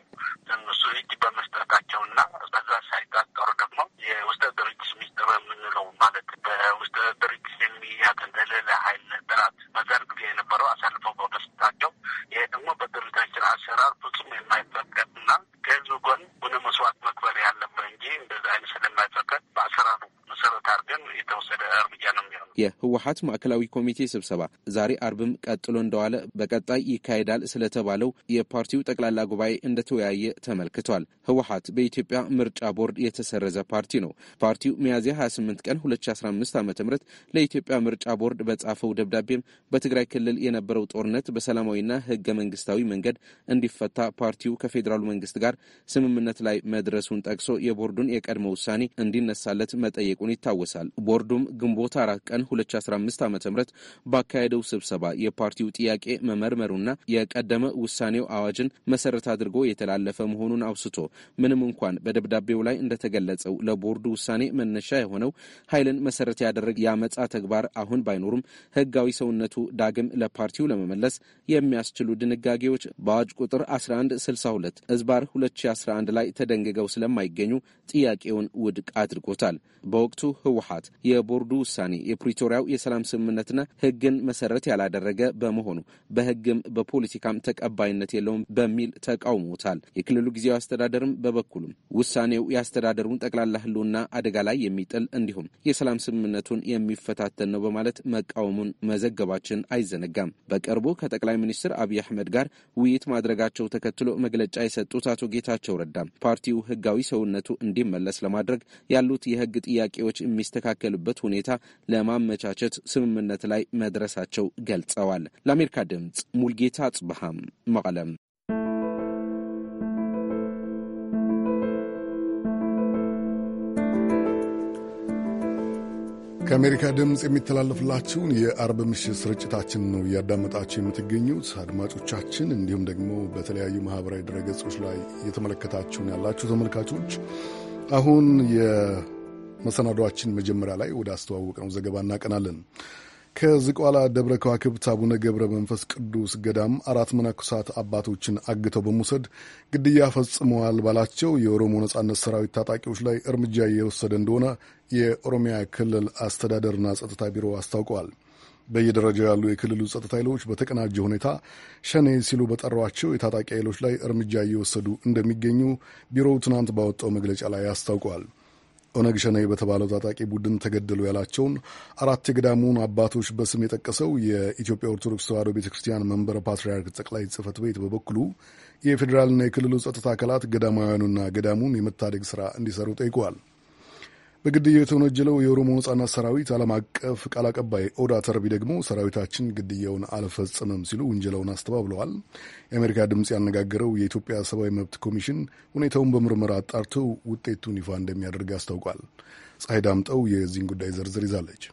እነሱ እጅ በመስጠታቸው እና በዛ ሳይታጠሩ ደግሞ የውስጠ ድርጅት ሚስጥር የምንለው ማለት በውስጠ ድርጅት የሚያገለለ ሀይል ጠላት በዛን ጊዜ የነበረው አሳልፈው በመስጠታቸው ይሄ ደግሞ በድርጅታችን አሰራር ፍጹም የማይፈቀድ እና ከህዝቡ ጎን ቡነ መስዋዕት መክፈል ያለበት እንጂ እንደዚ አይነት ስለማይፈቀድ በአሰራሩ መሰረት አድርገን የተወሰደ እርምጃ ነው የሚሆነው። የህወሀት ማዕከላዊ ኮሚቴ ስብሰባ ዛሬ አርብም ቀጥሎ እንደዋለ በቀጣይ ይካሄዳል ስለተባለው የፓርቲው ጠቅላላ ጉባኤ እንደተወያየ ተመልክቷል። ህወሀት በኢትዮጵያ ምርጫ ቦርድ የተሰረዘ ፓርቲ ነው። ፓርቲው ሚያዝያ 28 ቀን 2015 ዓ ም ለኢትዮጵያ ምርጫ ቦርድ በጻፈው ደብዳቤም በትግራይ ክልል የነበረው ጦርነት በሰላማዊና ህገ መንግስታዊ መንገድ እንዲፈታ ፓርቲው ከፌዴራሉ መንግስት ጋር ስምምነት ላይ መድረሱን ጠቅሶ የቦርዱን የቀድሞ ውሳኔ እንዲነሳለት መጠየቁ ማጽደቁን ይታወሳል። ቦርዱም ግንቦት አራት ቀን 2015 ዓ ባካሄደው ስብሰባ የፓርቲው ጥያቄ መመርመሩና የቀደመ ውሳኔው አዋጅን መሰረት አድርጎ የተላለፈ መሆኑን አውስቶ ምንም እንኳን በደብዳቤው ላይ እንደተገለጸው ለቦርዱ ውሳኔ መነሻ የሆነው ኃይልን መሰረት ያደረገ የአመፃ ተግባር አሁን ባይኖሩም ህጋዊ ሰውነቱ ዳግም ለፓርቲው ለመመለስ የሚያስችሉ ድንጋጌዎች በአዋጅ ቁጥር 1162 ህዝባር 2011 ላይ ተደንግገው ስለማይገኙ ጥያቄውን ውድቅ አድርጎታል። በወቅቱ ህወሀት የቦርዱ ውሳኔ የፕሪቶሪያው የሰላም ስምምነትና ህግን መሰረት ያላደረገ በመሆኑ በህግም በፖለቲካም ተቀባይነት የለውም በሚል ተቃውሞታል። የክልሉ ጊዜያዊ አስተዳደርም በበኩሉም ውሳኔው የአስተዳደሩን ጠቅላላ ህልውና አደጋ ላይ የሚጥል እንዲሁም የሰላም ስምምነቱን የሚፈታተን ነው በማለት መቃወሙን መዘገባችን አይዘነጋም። በቅርቡ ከጠቅላይ ሚኒስትር አብይ አህመድ ጋር ውይይት ማድረጋቸው ተከትሎ መግለጫ የሰጡት አቶ ጌታቸው ረዳም ፓርቲው ህጋዊ ሰውነቱ እንዲመለስ ለማድረግ ያሉት የህግ ጥያቄ ጥያቄዎች የሚስተካከሉበት ሁኔታ ለማመቻቸት ስምምነት ላይ መድረሳቸው ገልጸዋል። ለአሜሪካ ድምፅ ሙልጌታ ጽብሃም መቀለም። ከአሜሪካ ድምፅ የሚተላለፍላችሁን የአርብ ምሽት ስርጭታችን ነው እያዳመጣችሁ የምትገኙት አድማጮቻችን፣ እንዲሁም ደግሞ በተለያዩ ማህበራዊ ድረገጾች ላይ እየተመለከታችሁን ያላችሁ ተመልካቾች አሁን መሰናዷችን መጀመሪያ ላይ ወደ ነው ዘገባ እናቀናለን። ከዝቋላ ደብረ ከዋክብት አቡነ ገብረ መንፈስ ቅዱስ ገዳም አራት መነኮሳት አባቶችን አግተው በመውሰድ ግድያ ፈጽመዋል ባላቸው የኦሮሞ ነጻነት ሰራዊት ታጣቂዎች ላይ እርምጃ እየወሰደ እንደሆነ የኦሮሚያ ክልል አስተዳደርና ጸጥታ ቢሮ አስታውቀዋል። በየደረጃው ያሉ የክልሉ ጸጥታ ኃይሎች በተቀናጀ ሁኔታ ሸኔ ሲሉ በጠሯቸው የታጣቂ ኃይሎች ላይ እርምጃ እየወሰዱ እንደሚገኙ ቢሮው ትናንት ባወጣው መግለጫ ላይ አስታውቋል። ኦነግ ሸኔ በተባለው ታጣቂ ቡድን ተገደሉ ያላቸውን አራት የገዳሙን አባቶች በስም የጠቀሰው የኢትዮጵያ ኦርቶዶክስ ተዋሕዶ ቤተ ክርስቲያን መንበረ ፓትርያርክ ጠቅላይ ጽፈት ቤት በበኩሉ የፌዴራልና የክልሉ ጸጥታ አካላት ገዳማውያኑና ገዳሙን የመታደግ ስራ እንዲሰሩ ጠይቀዋል። በግድያ የተወነጀለው የኦሮሞ ነጻነት ሰራዊት ዓለም አቀፍ ቃል አቀባይ ኦዳ ተርቢ ደግሞ ሰራዊታችን ግድያውን አልፈጸመም ሲሉ ውንጀላውን አስተባብለዋል። የአሜሪካ ድምፅ ያነጋገረው የኢትዮጵያ ሰብአዊ መብት ኮሚሽን ሁኔታውን በምርመራ አጣርተው ውጤቱን ይፋ እንደሚያደርግ አስታውቋል። ፀሐይ ዳምጠው የዚህን ጉዳይ ዝርዝር ይዛለች።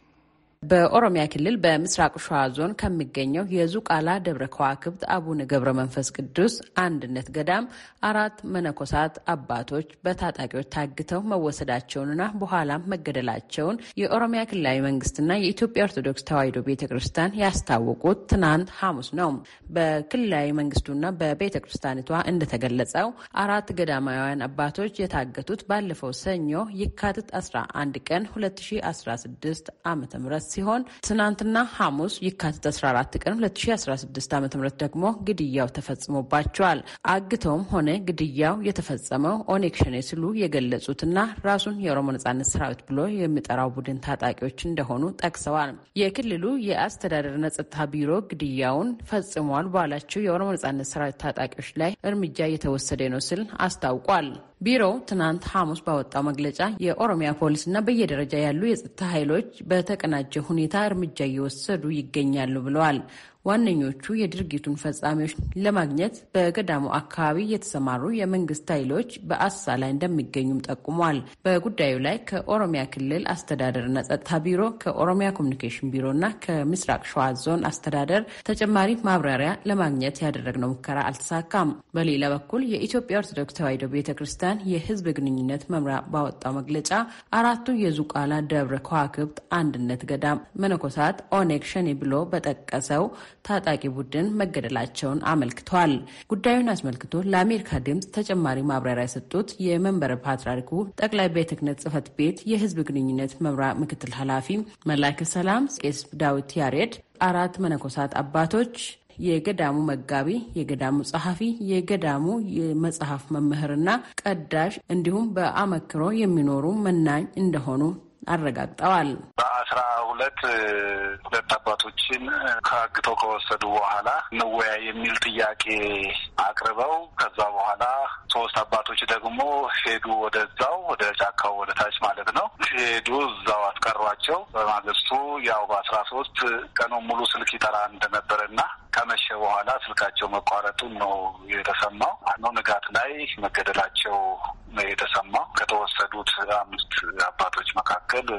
በኦሮሚያ ክልል በምስራቅ ሸዋ ዞን ከሚገኘው የዙቃላ ደብረ ከዋክብት አቡነ ገብረ መንፈስ ቅዱስ አንድነት ገዳም አራት መነኮሳት አባቶች በታጣቂዎች ታግተው መወሰዳቸውንና በኋላም መገደላቸውን የኦሮሚያ ክልላዊ መንግስትና የኢትዮጵያ ኦርቶዶክስ ተዋሕዶ ቤተ ክርስቲያን ያስታወቁት ትናንት ሐሙስ ነው። በክልላዊ መንግስቱና በቤተ ክርስቲያኒቷ እንደተገለጸው አራት ገዳማውያን አባቶች የታገቱት ባለፈው ሰኞ የካቲት 11 ቀን 2016 ዓ.ም ሲሆን ትናንትና ሐሙስ የካቲት 14 ቀን 2016 ዓ ም ደግሞ ግድያው ተፈጽሞባቸዋል። አግተውም ሆነ ግድያው የተፈጸመው ኦነግ ሸኔ ሲሉ የገለጹትና ራሱን የኦሮሞ ነጻነት ሰራዊት ብሎ የሚጠራው ቡድን ታጣቂዎች እንደሆኑ ጠቅሰዋል። የክልሉ የአስተዳደር ጸጥታ ቢሮ ግድያውን ፈጽሟል ባላቸው የኦሮሞ ነጻነት ሰራዊት ታጣቂዎች ላይ እርምጃ እየተወሰደ ነው ሲል አስታውቋል። ቢሮው ትናንት ሐሙስ ባወጣው መግለጫ የኦሮሚያ ፖሊስና በየደረጃ ያሉ የጸጥታ ኃይሎች በተቀናጀ ሁኔታ እርምጃ እየወሰዱ ይገኛሉ ብለዋል። ዋነኞቹ የድርጊቱን ፈጻሚዎች ለማግኘት በገዳሙ አካባቢ የተሰማሩ የመንግስት ኃይሎች በአሳ ላይ እንደሚገኙም ጠቁመዋል። በጉዳዩ ላይ ከኦሮሚያ ክልል አስተዳደርና ጸጥታ ቢሮ፣ ከኦሮሚያ ኮሚኒኬሽን ቢሮና ከምስራቅ ሸዋ ዞን አስተዳደር ተጨማሪ ማብራሪያ ለማግኘት ያደረግነው ሙከራ አልተሳካም። በሌላ በኩል የኢትዮጵያ ኦርቶዶክስ ተዋሕዶ ቤተ ክርስቲያን የህዝብ ግንኙነት መምሪያ ባወጣው መግለጫ አራቱ የዙቃላ ደብረ ከዋክብት አንድነት ገዳም መነኮሳት ኦነግ ሸኔ ብሎ በጠቀሰው ታጣቂ ቡድን መገደላቸውን አመልክተዋል። ጉዳዩን አስመልክቶ ለአሜሪካ ድምፅ ተጨማሪ ማብራሪያ የሰጡት የመንበረ ፓትርያርኩ ጠቅላይ ቤተ ክህነት ቤት የህዝብ ግንኙነት መምሪያ ምክትል ኃላፊ መላከ ሰላም ቄስ ዳዊት ያሬድ አራት መነኮሳት አባቶች የገዳሙ መጋቢ፣ የገዳሙ ጸሐፊ፣ የገዳሙ የመጽሐፍ መምህርና ቀዳሽ እንዲሁም በአመክሮ የሚኖሩ መናኝ እንደሆኑ አረጋግጠዋል። በአስራ ሁለት ሁለት አባቶችን ከአግተው ከወሰዱ በኋላ እንወያይ የሚል ጥያቄ አቅርበው ከዛ በኋላ ሶስት አባቶች ደግሞ ሄዱ ወደዛው ወደ ጫካው ወደ ታች ማለት ነው ሄዱ እዛው አስቀሯቸው። በማግስቱ ያው በአስራ ሶስት ቀኑ ሙሉ ስልክ ይጠራ እንደነበረ ከመሸ በኋላ ስልካቸው መቋረጡን ነው የተሰማው። አኖ ንጋት ላይ መገደላቸው ነው የተሰማው። ከተወሰዱት አምስት አባቶች መካከል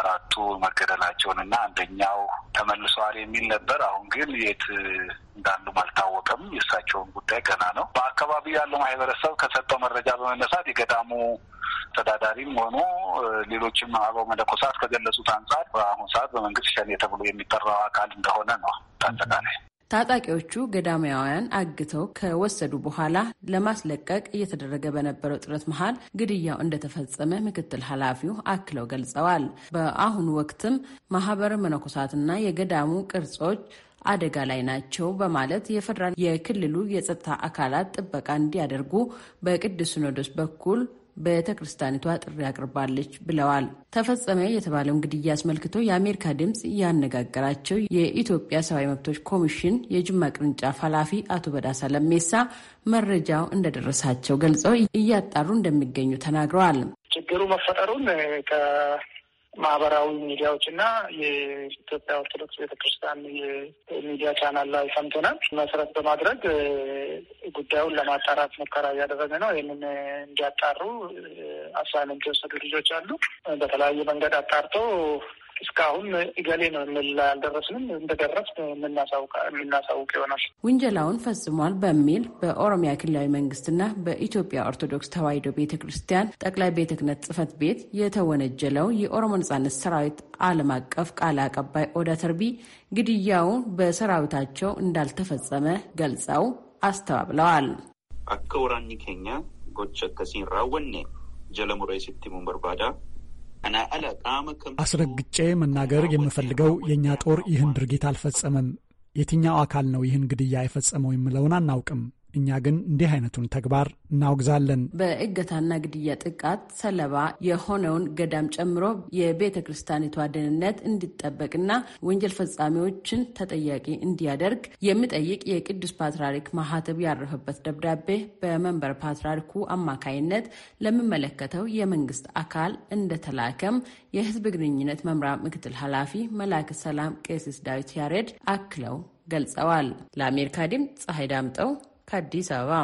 አራቱ መገደላቸውንና አንደኛው ተመልሰዋል የሚል ነበር። አሁን ግን የት እንዳሉም አልታወቀም። የእሳቸውን ጉዳይ ገና ነው። በአካባቢው ያለው ማህበረሰብ ከሰጠው መረጃ በመነሳት የገዳሙ ተዳዳሪም ሆኖ ሌሎችም አበው መለኮሳት ከገለጹት አንጻር በአሁኑ ሰዓት በመንግስት ሸኔ ተብሎ የሚጠራው አካል እንደሆነ ነው። አጠቃላይ ታጣቂዎቹ ገዳማውያን አግተው ከወሰዱ በኋላ ለማስለቀቅ እየተደረገ በነበረው ጥረት መሀል ግድያው እንደተፈጸመ ምክትል ኃላፊው አክለው ገልጸዋል። በአሁኑ ወቅትም ማህበረ መነኮሳትና የገዳሙ ቅርጾች አደጋ ላይ ናቸው በማለት የፌዴራል የክልሉ የጸጥታ አካላት ጥበቃ እንዲያደርጉ በቅዱስ ሲኖዶስ በኩል ቤተ ክርስቲያኒቷ ጥሪ አቅርባለች ብለዋል። ተፈጸመ የተባለውን ግድያ አስመልክቶ የአሜሪካ ድምፅ ያነጋገራቸው የኢትዮጵያ ሰብአዊ መብቶች ኮሚሽን የጅማ ቅርንጫፍ ኃላፊ አቶ በዳሳ ለሜሳ መረጃው እንደደረሳቸው ገልጸው እያጣሩ እንደሚገኙ ተናግረዋል። ችግሩ መፈጠሩን ማህበራዊ ሚዲያዎች እና የኢትዮጵያ ኦርቶዶክስ ቤተክርስቲያን የሚዲያ ቻናል ላይ ሰምተናል። መሰረት በማድረግ ጉዳዩን ለማጣራት ሙከራ እያደረገ ነው። ይህንን እንዲያጣሩ አሳይመንት የወሰዱ ልጆች አሉ። በተለያየ መንገድ አጣርተው እስካሁን እገሌ ነው የምል አልደረስንም። እንደደረስ የምናሳውቅ ይሆናል። ውንጀላውን ፈጽሟል በሚል በኦሮሚያ ክልላዊ መንግስትና በኢትዮጵያ ኦርቶዶክስ ተዋሕዶ ቤተ ክርስቲያን ጠቅላይ ቤተ ክህነት ጽሕፈት ቤት የተወነጀለው የኦሮሞ ነጻነት ሰራዊት ዓለም አቀፍ ቃል አቀባይ ኦዳ ተርቢ ግድያውን በሰራዊታቸው እንዳልተፈጸመ ገልጸው አስተባብለዋል። አከ ወራኒ ኬኛ ጎቸ ከሲን ራወኔ ጀለሙሬ ሲቲሙን በርባዳ አስረግጬ መናገር የምፈልገው የእኛ ጦር ይህን ድርጊት አልፈጸመም። የትኛው አካል ነው ይህን ግድያ የፈጸመው የምለውን አናውቅም። እኛ ግን እንዲህ አይነቱን ተግባር እናወግዛለን። በእገታና ግድያ ጥቃት ሰለባ የሆነውን ገዳም ጨምሮ የቤተ ክርስቲያኒቷ ደህንነት እንዲጠበቅና ወንጀል ፈጻሚዎችን ተጠያቂ እንዲያደርግ የሚጠይቅ የቅዱስ ፓትርያርክ ማህተብ ያረፈበት ደብዳቤ በመንበር ፓትርያርኩ አማካይነት ለሚመለከተው የመንግስት አካል እንደተላከም የህዝብ ግንኙነት መምሪያ ምክትል ኃላፊ መላክ ሰላም ቄሲስ ዳዊት ያሬድ አክለው ገልጸዋል። ለአሜሪካ ድምፅ ፀሐይ ዳምጠው ከአዲስ አበባ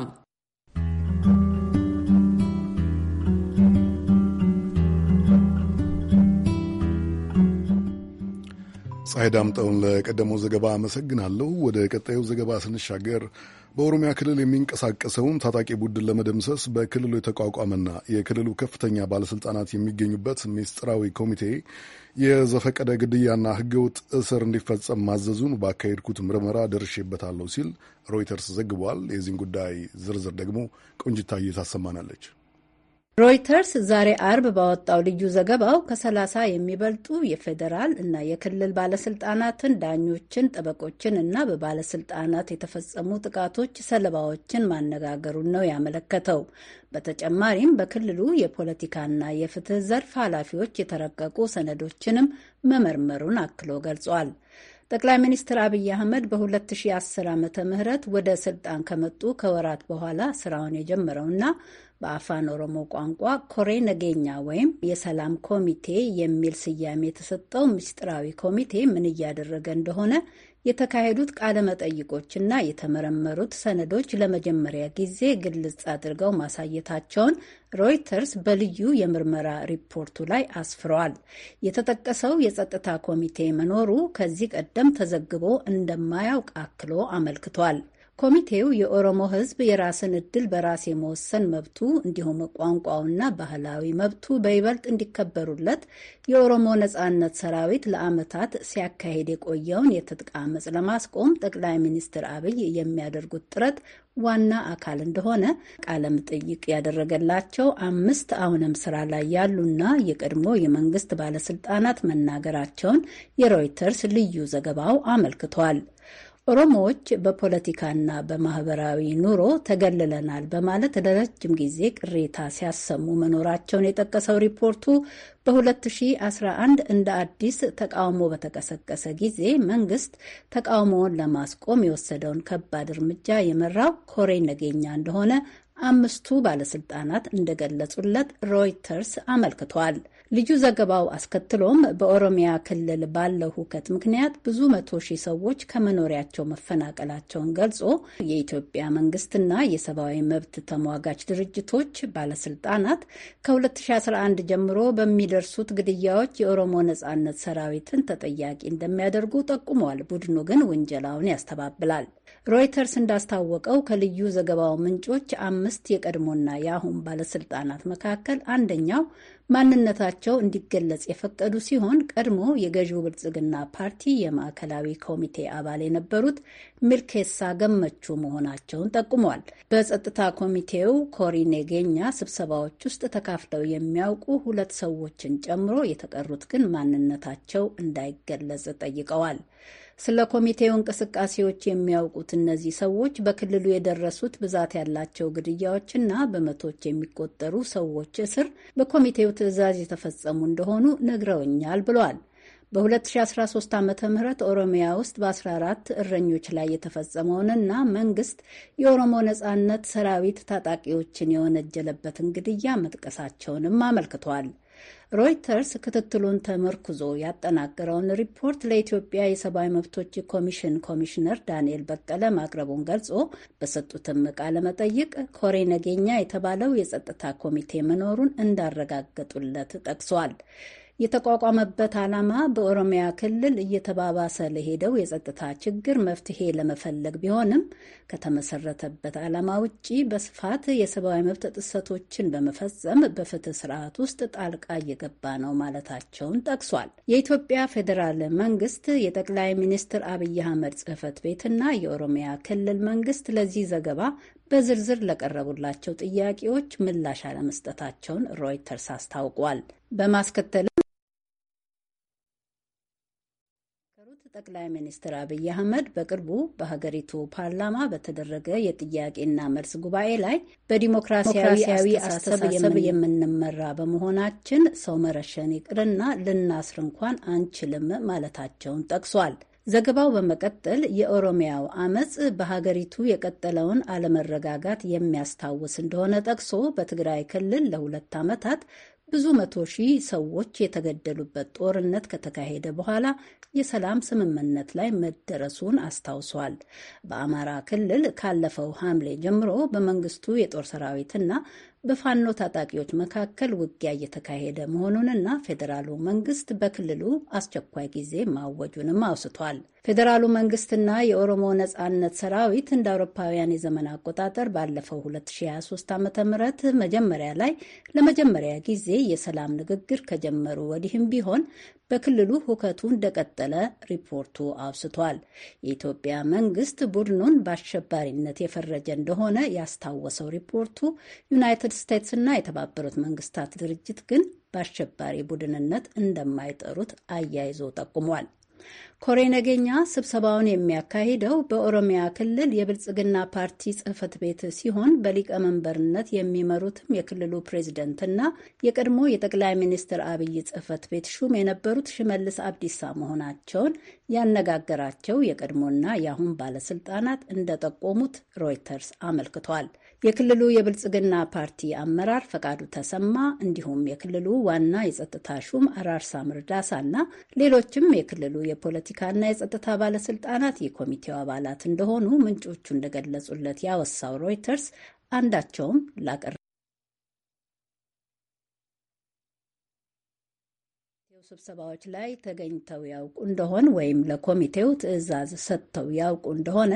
ፀሐይ ዳምጠውን ለቀደመው ዘገባ አመሰግናለሁ። ወደ ቀጣዩ ዘገባ ስንሻገር በኦሮሚያ ክልል የሚንቀሳቀሰውን ታጣቂ ቡድን ለመደምሰስ በክልሉ የተቋቋመና የክልሉ ከፍተኛ ባለስልጣናት የሚገኙበት ሚስጥራዊ ኮሚቴ የዘፈቀደ ግድያና ሕገወጥ እስር እንዲፈጸም ማዘዙን ባካሄድኩት ምርመራ ደርሼበታለሁ ሲል ሮይተርስ ዘግቧል። የዚህን ጉዳይ ዝርዝር ደግሞ ቆንጅታ ታሰማናለች። ሮይተርስ ዛሬ አርብ ባወጣው ልዩ ዘገባው ከሰላሳ የሚበልጡ የፌዴራል እና የክልል ባለስልጣናትን፣ ዳኞችን፣ ጠበቆችን እና በባለስልጣናት የተፈጸሙ ጥቃቶች ሰለባዎችን ማነጋገሩን ነው ያመለከተው። በተጨማሪም በክልሉ የፖለቲካና የፍትህ ዘርፍ ኃላፊዎች የተረቀቁ ሰነዶችንም መመርመሩን አክሎ ገልጿል። ጠቅላይ ሚኒስትር አብይ አህመድ በ2010 ዓ ም ወደ ስልጣን ከመጡ ከወራት በኋላ ስራውን የጀመረውና በአፋን ኦሮሞ ቋንቋ ኮሬ ነገኛ ወይም የሰላም ኮሚቴ የሚል ስያሜ የተሰጠው ምስጢራዊ ኮሚቴ ምን እያደረገ እንደሆነ የተካሄዱት ቃለ መጠይቆችና የተመረመሩት ሰነዶች ለመጀመሪያ ጊዜ ግልጽ አድርገው ማሳየታቸውን ሮይተርስ በልዩ የምርመራ ሪፖርቱ ላይ አስፍረዋል። የተጠቀሰው የጸጥታ ኮሚቴ መኖሩ ከዚህ ቀደም ተዘግቦ እንደማያውቅ አክሎ አመልክቷል። ኮሚቴው የኦሮሞ ሕዝብ የራስን እድል በራስ የመወሰን መብቱ እንዲሁም ቋንቋውና ባህላዊ መብቱ በይበልጥ እንዲከበሩለት የኦሮሞ ነጻነት ሰራዊት ለዓመታት ሲያካሄድ የቆየውን የትጥቅ አመፅ ለማስቆም ጠቅላይ ሚኒስትር አብይ የሚያደርጉት ጥረት ዋና አካል እንደሆነ ቃለ መጠይቅ ያደረገላቸው አምስት አሁንም ስራ ላይ ያሉና የቀድሞ የመንግስት ባለስልጣናት መናገራቸውን የሮይተርስ ልዩ ዘገባው አመልክቷል። ኦሮሞዎች በፖለቲካና በማህበራዊ ኑሮ ተገልለናል በማለት ለረጅም ጊዜ ቅሬታ ሲያሰሙ መኖራቸውን የጠቀሰው ሪፖርቱ በ2011 እንደ አዲስ ተቃውሞ በተቀሰቀሰ ጊዜ መንግስት ተቃውሞውን ለማስቆም የወሰደውን ከባድ እርምጃ የመራው ኮሬ ነገኛ እንደሆነ አምስቱ ባለስልጣናት እንደገለጹለት ሮይተርስ አመልክቷል። ልዩ ዘገባው አስከትሎም በኦሮሚያ ክልል ባለው ሁከት ምክንያት ብዙ መቶ ሺህ ሰዎች ከመኖሪያቸው መፈናቀላቸውን ገልጾ የኢትዮጵያ መንግስትና የሰብአዊ መብት ተሟጋች ድርጅቶች ባለስልጣናት ከ2011 ጀምሮ በሚደርሱት ግድያዎች የኦሮሞ ነጻነት ሰራዊትን ተጠያቂ እንደሚያደርጉ ጠቁመዋል። ቡድኑ ግን ውንጀላውን ያስተባብላል። ሮይተርስ እንዳስታወቀው ከልዩ ዘገባው ምንጮች አምስት የቀድሞና የአሁን ባለስልጣናት መካከል አንደኛው ማንነታቸው እንዲገለጽ የፈቀዱ ሲሆን ቀድሞ የገዢው ብልጽግና ፓርቲ የማዕከላዊ ኮሚቴ አባል የነበሩት ሚልኬሳ ገመቹ መሆናቸውን ጠቁመዋል። በጸጥታ ኮሚቴው ኮሪን ኔጌኛ ስብሰባዎች ውስጥ ተካፍለው የሚያውቁ ሁለት ሰዎችን ጨምሮ የተቀሩት ግን ማንነታቸው እንዳይገለጽ ጠይቀዋል። ስለ ኮሚቴው እንቅስቃሴዎች የሚያውቁት እነዚህ ሰዎች በክልሉ የደረሱት ብዛት ያላቸው ግድያዎችና በመቶች የሚቆጠሩ ሰዎች እስር በኮሚቴው ትዕዛዝ የተፈጸሙ እንደሆኑ ነግረውኛል ብሏል። በ2013 ዓ ም ኦሮሚያ ውስጥ በ14 እረኞች ላይ የተፈጸመውንና መንግስት የኦሮሞ ነጻነት ሰራዊት ታጣቂዎችን የወነጀለበትን ግድያ መጥቀሳቸውንም አመልክቷል። ሮይተርስ ክትትሉን ተመርኩዞ ያጠናቀረውን ሪፖርት ለኢትዮጵያ የሰብአዊ መብቶች ኮሚሽን ኮሚሽነር ዳንኤል በቀለ ማቅረቡን ገልጾ በሰጡትም ቃለ መጠይቅ ኮሬ ነገኛ የተባለው የጸጥታ ኮሚቴ መኖሩን እንዳረጋገጡለት ጠቅሷል። የተቋቋመበት ዓላማ በኦሮሚያ ክልል እየተባባሰ ለሄደው የጸጥታ ችግር መፍትሄ ለመፈለግ ቢሆንም ከተመሰረተበት ዓላማ ውጪ በስፋት የሰብአዊ መብት ጥሰቶችን በመፈጸም በፍትህ ስርዓት ውስጥ ጣልቃ እየገባ ነው ማለታቸውን ጠቅሷል። የኢትዮጵያ ፌዴራል መንግስት የጠቅላይ ሚኒስትር አብይ አህመድ ጽህፈት ቤትና የኦሮሚያ ክልል መንግስት ለዚህ ዘገባ በዝርዝር ለቀረቡላቸው ጥያቄዎች ምላሽ አለመስጠታቸውን ሮይተርስ አስታውቋል። በማስከተልም ጠቅላይ ሚኒስትር አብይ አህመድ በቅርቡ በሀገሪቱ ፓርላማ በተደረገ የጥያቄና መልስ ጉባኤ ላይ በዲሞክራሲያዊ አስተሳሰብ የምንመራ በመሆናችን ሰው መረሸን ይቅርና ልናስር እንኳን አንችልም ማለታቸውን ጠቅሷል። ዘገባው በመቀጠል የኦሮሚያው አመፅ በሀገሪቱ የቀጠለውን አለመረጋጋት የሚያስታውስ እንደሆነ ጠቅሶ በትግራይ ክልል ለሁለት ዓመታት ብዙ መቶ ሺህ ሰዎች የተገደሉበት ጦርነት ከተካሄደ በኋላ የሰላም ስምምነት ላይ መደረሱን አስታውሷል። በአማራ ክልል ካለፈው ሐምሌ ጀምሮ በመንግስቱ የጦር ሰራዊትና በፋኖ ታጣቂዎች መካከል ውጊያ እየተካሄደ መሆኑንና ፌዴራሉ መንግስት በክልሉ አስቸኳይ ጊዜ ማወጁንም አውስቷል። ፌዴራሉ መንግስትና የኦሮሞ ነጻነት ሰራዊት እንደ አውሮፓውያን የዘመን አቆጣጠር ባለፈው 2023 ዓ ም መጀመሪያ ላይ ለመጀመሪያ ጊዜ የሰላም ንግግር ከጀመሩ ወዲህም ቢሆን በክልሉ ሁከቱ እንደቀጠለ ሪፖርቱ አውስቷል። የኢትዮጵያ መንግስት ቡድኑን በአሸባሪነት የፈረጀ እንደሆነ ያስታወሰው ሪፖርቱ ዩናይትድ እና የተባበሩት መንግስታት ድርጅት ግን በአሸባሪ ቡድንነት እንደማይጠሩት አያይዞ ጠቁሟል። ኮሬ ነገኛ ስብሰባውን የሚያካሂደው በኦሮሚያ ክልል የብልጽግና ፓርቲ ጽህፈት ቤት ሲሆን በሊቀመንበርነት የሚመሩትም የክልሉ ፕሬዝደንትና የቀድሞ የጠቅላይ ሚኒስትር አብይ ጽህፈት ቤት ሹም የነበሩት ሽመልስ አብዲሳ መሆናቸውን ያነጋገራቸው የቀድሞና የአሁን ባለስልጣናት እንደጠቆሙት ሮይተርስ አመልክቷል። የክልሉ የብልጽግና ፓርቲ አመራር ፈቃዱ ተሰማ እንዲሁም የክልሉ ዋና የጸጥታ ሹም አራርሳ ምርዳሳ ና ሌሎችም የክልሉ የፖለቲ የፖለቲካና የጸጥታ ባለስልጣናት የኮሚቴው አባላት እንደሆኑ ምንጮቹ እንደገለጹለት ያወሳው ሮይተርስ አንዳቸውም ላቀረ ስብሰባዎች ላይ ተገኝተው ያውቁ እንደሆን ወይም ለኮሚቴው ትዕዛዝ ሰጥተው ያውቁ እንደሆነ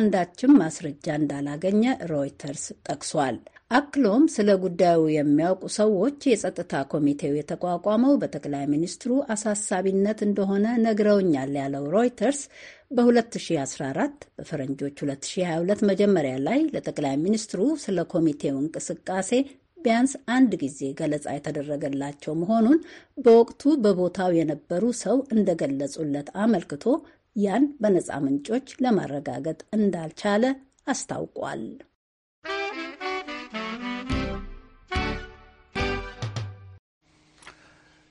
አንዳችም ማስረጃ እንዳላገኘ ሮይተርስ ጠቅሷል። አክሎም ስለ ጉዳዩ የሚያውቁ ሰዎች የጸጥታ ኮሚቴው የተቋቋመው በጠቅላይ ሚኒስትሩ አሳሳቢነት እንደሆነ ነግረውኛል ያለው ሮይተርስ በ2014 በፈረንጆች 2022 መጀመሪያ ላይ ለጠቅላይ ሚኒስትሩ ስለ ኮሚቴው እንቅስቃሴ ቢያንስ አንድ ጊዜ ገለጻ የተደረገላቸው መሆኑን በወቅቱ በቦታው የነበሩ ሰው እንደገለጹለት አመልክቶ ያን በነፃ ምንጮች ለማረጋገጥ እንዳልቻለ አስታውቋል።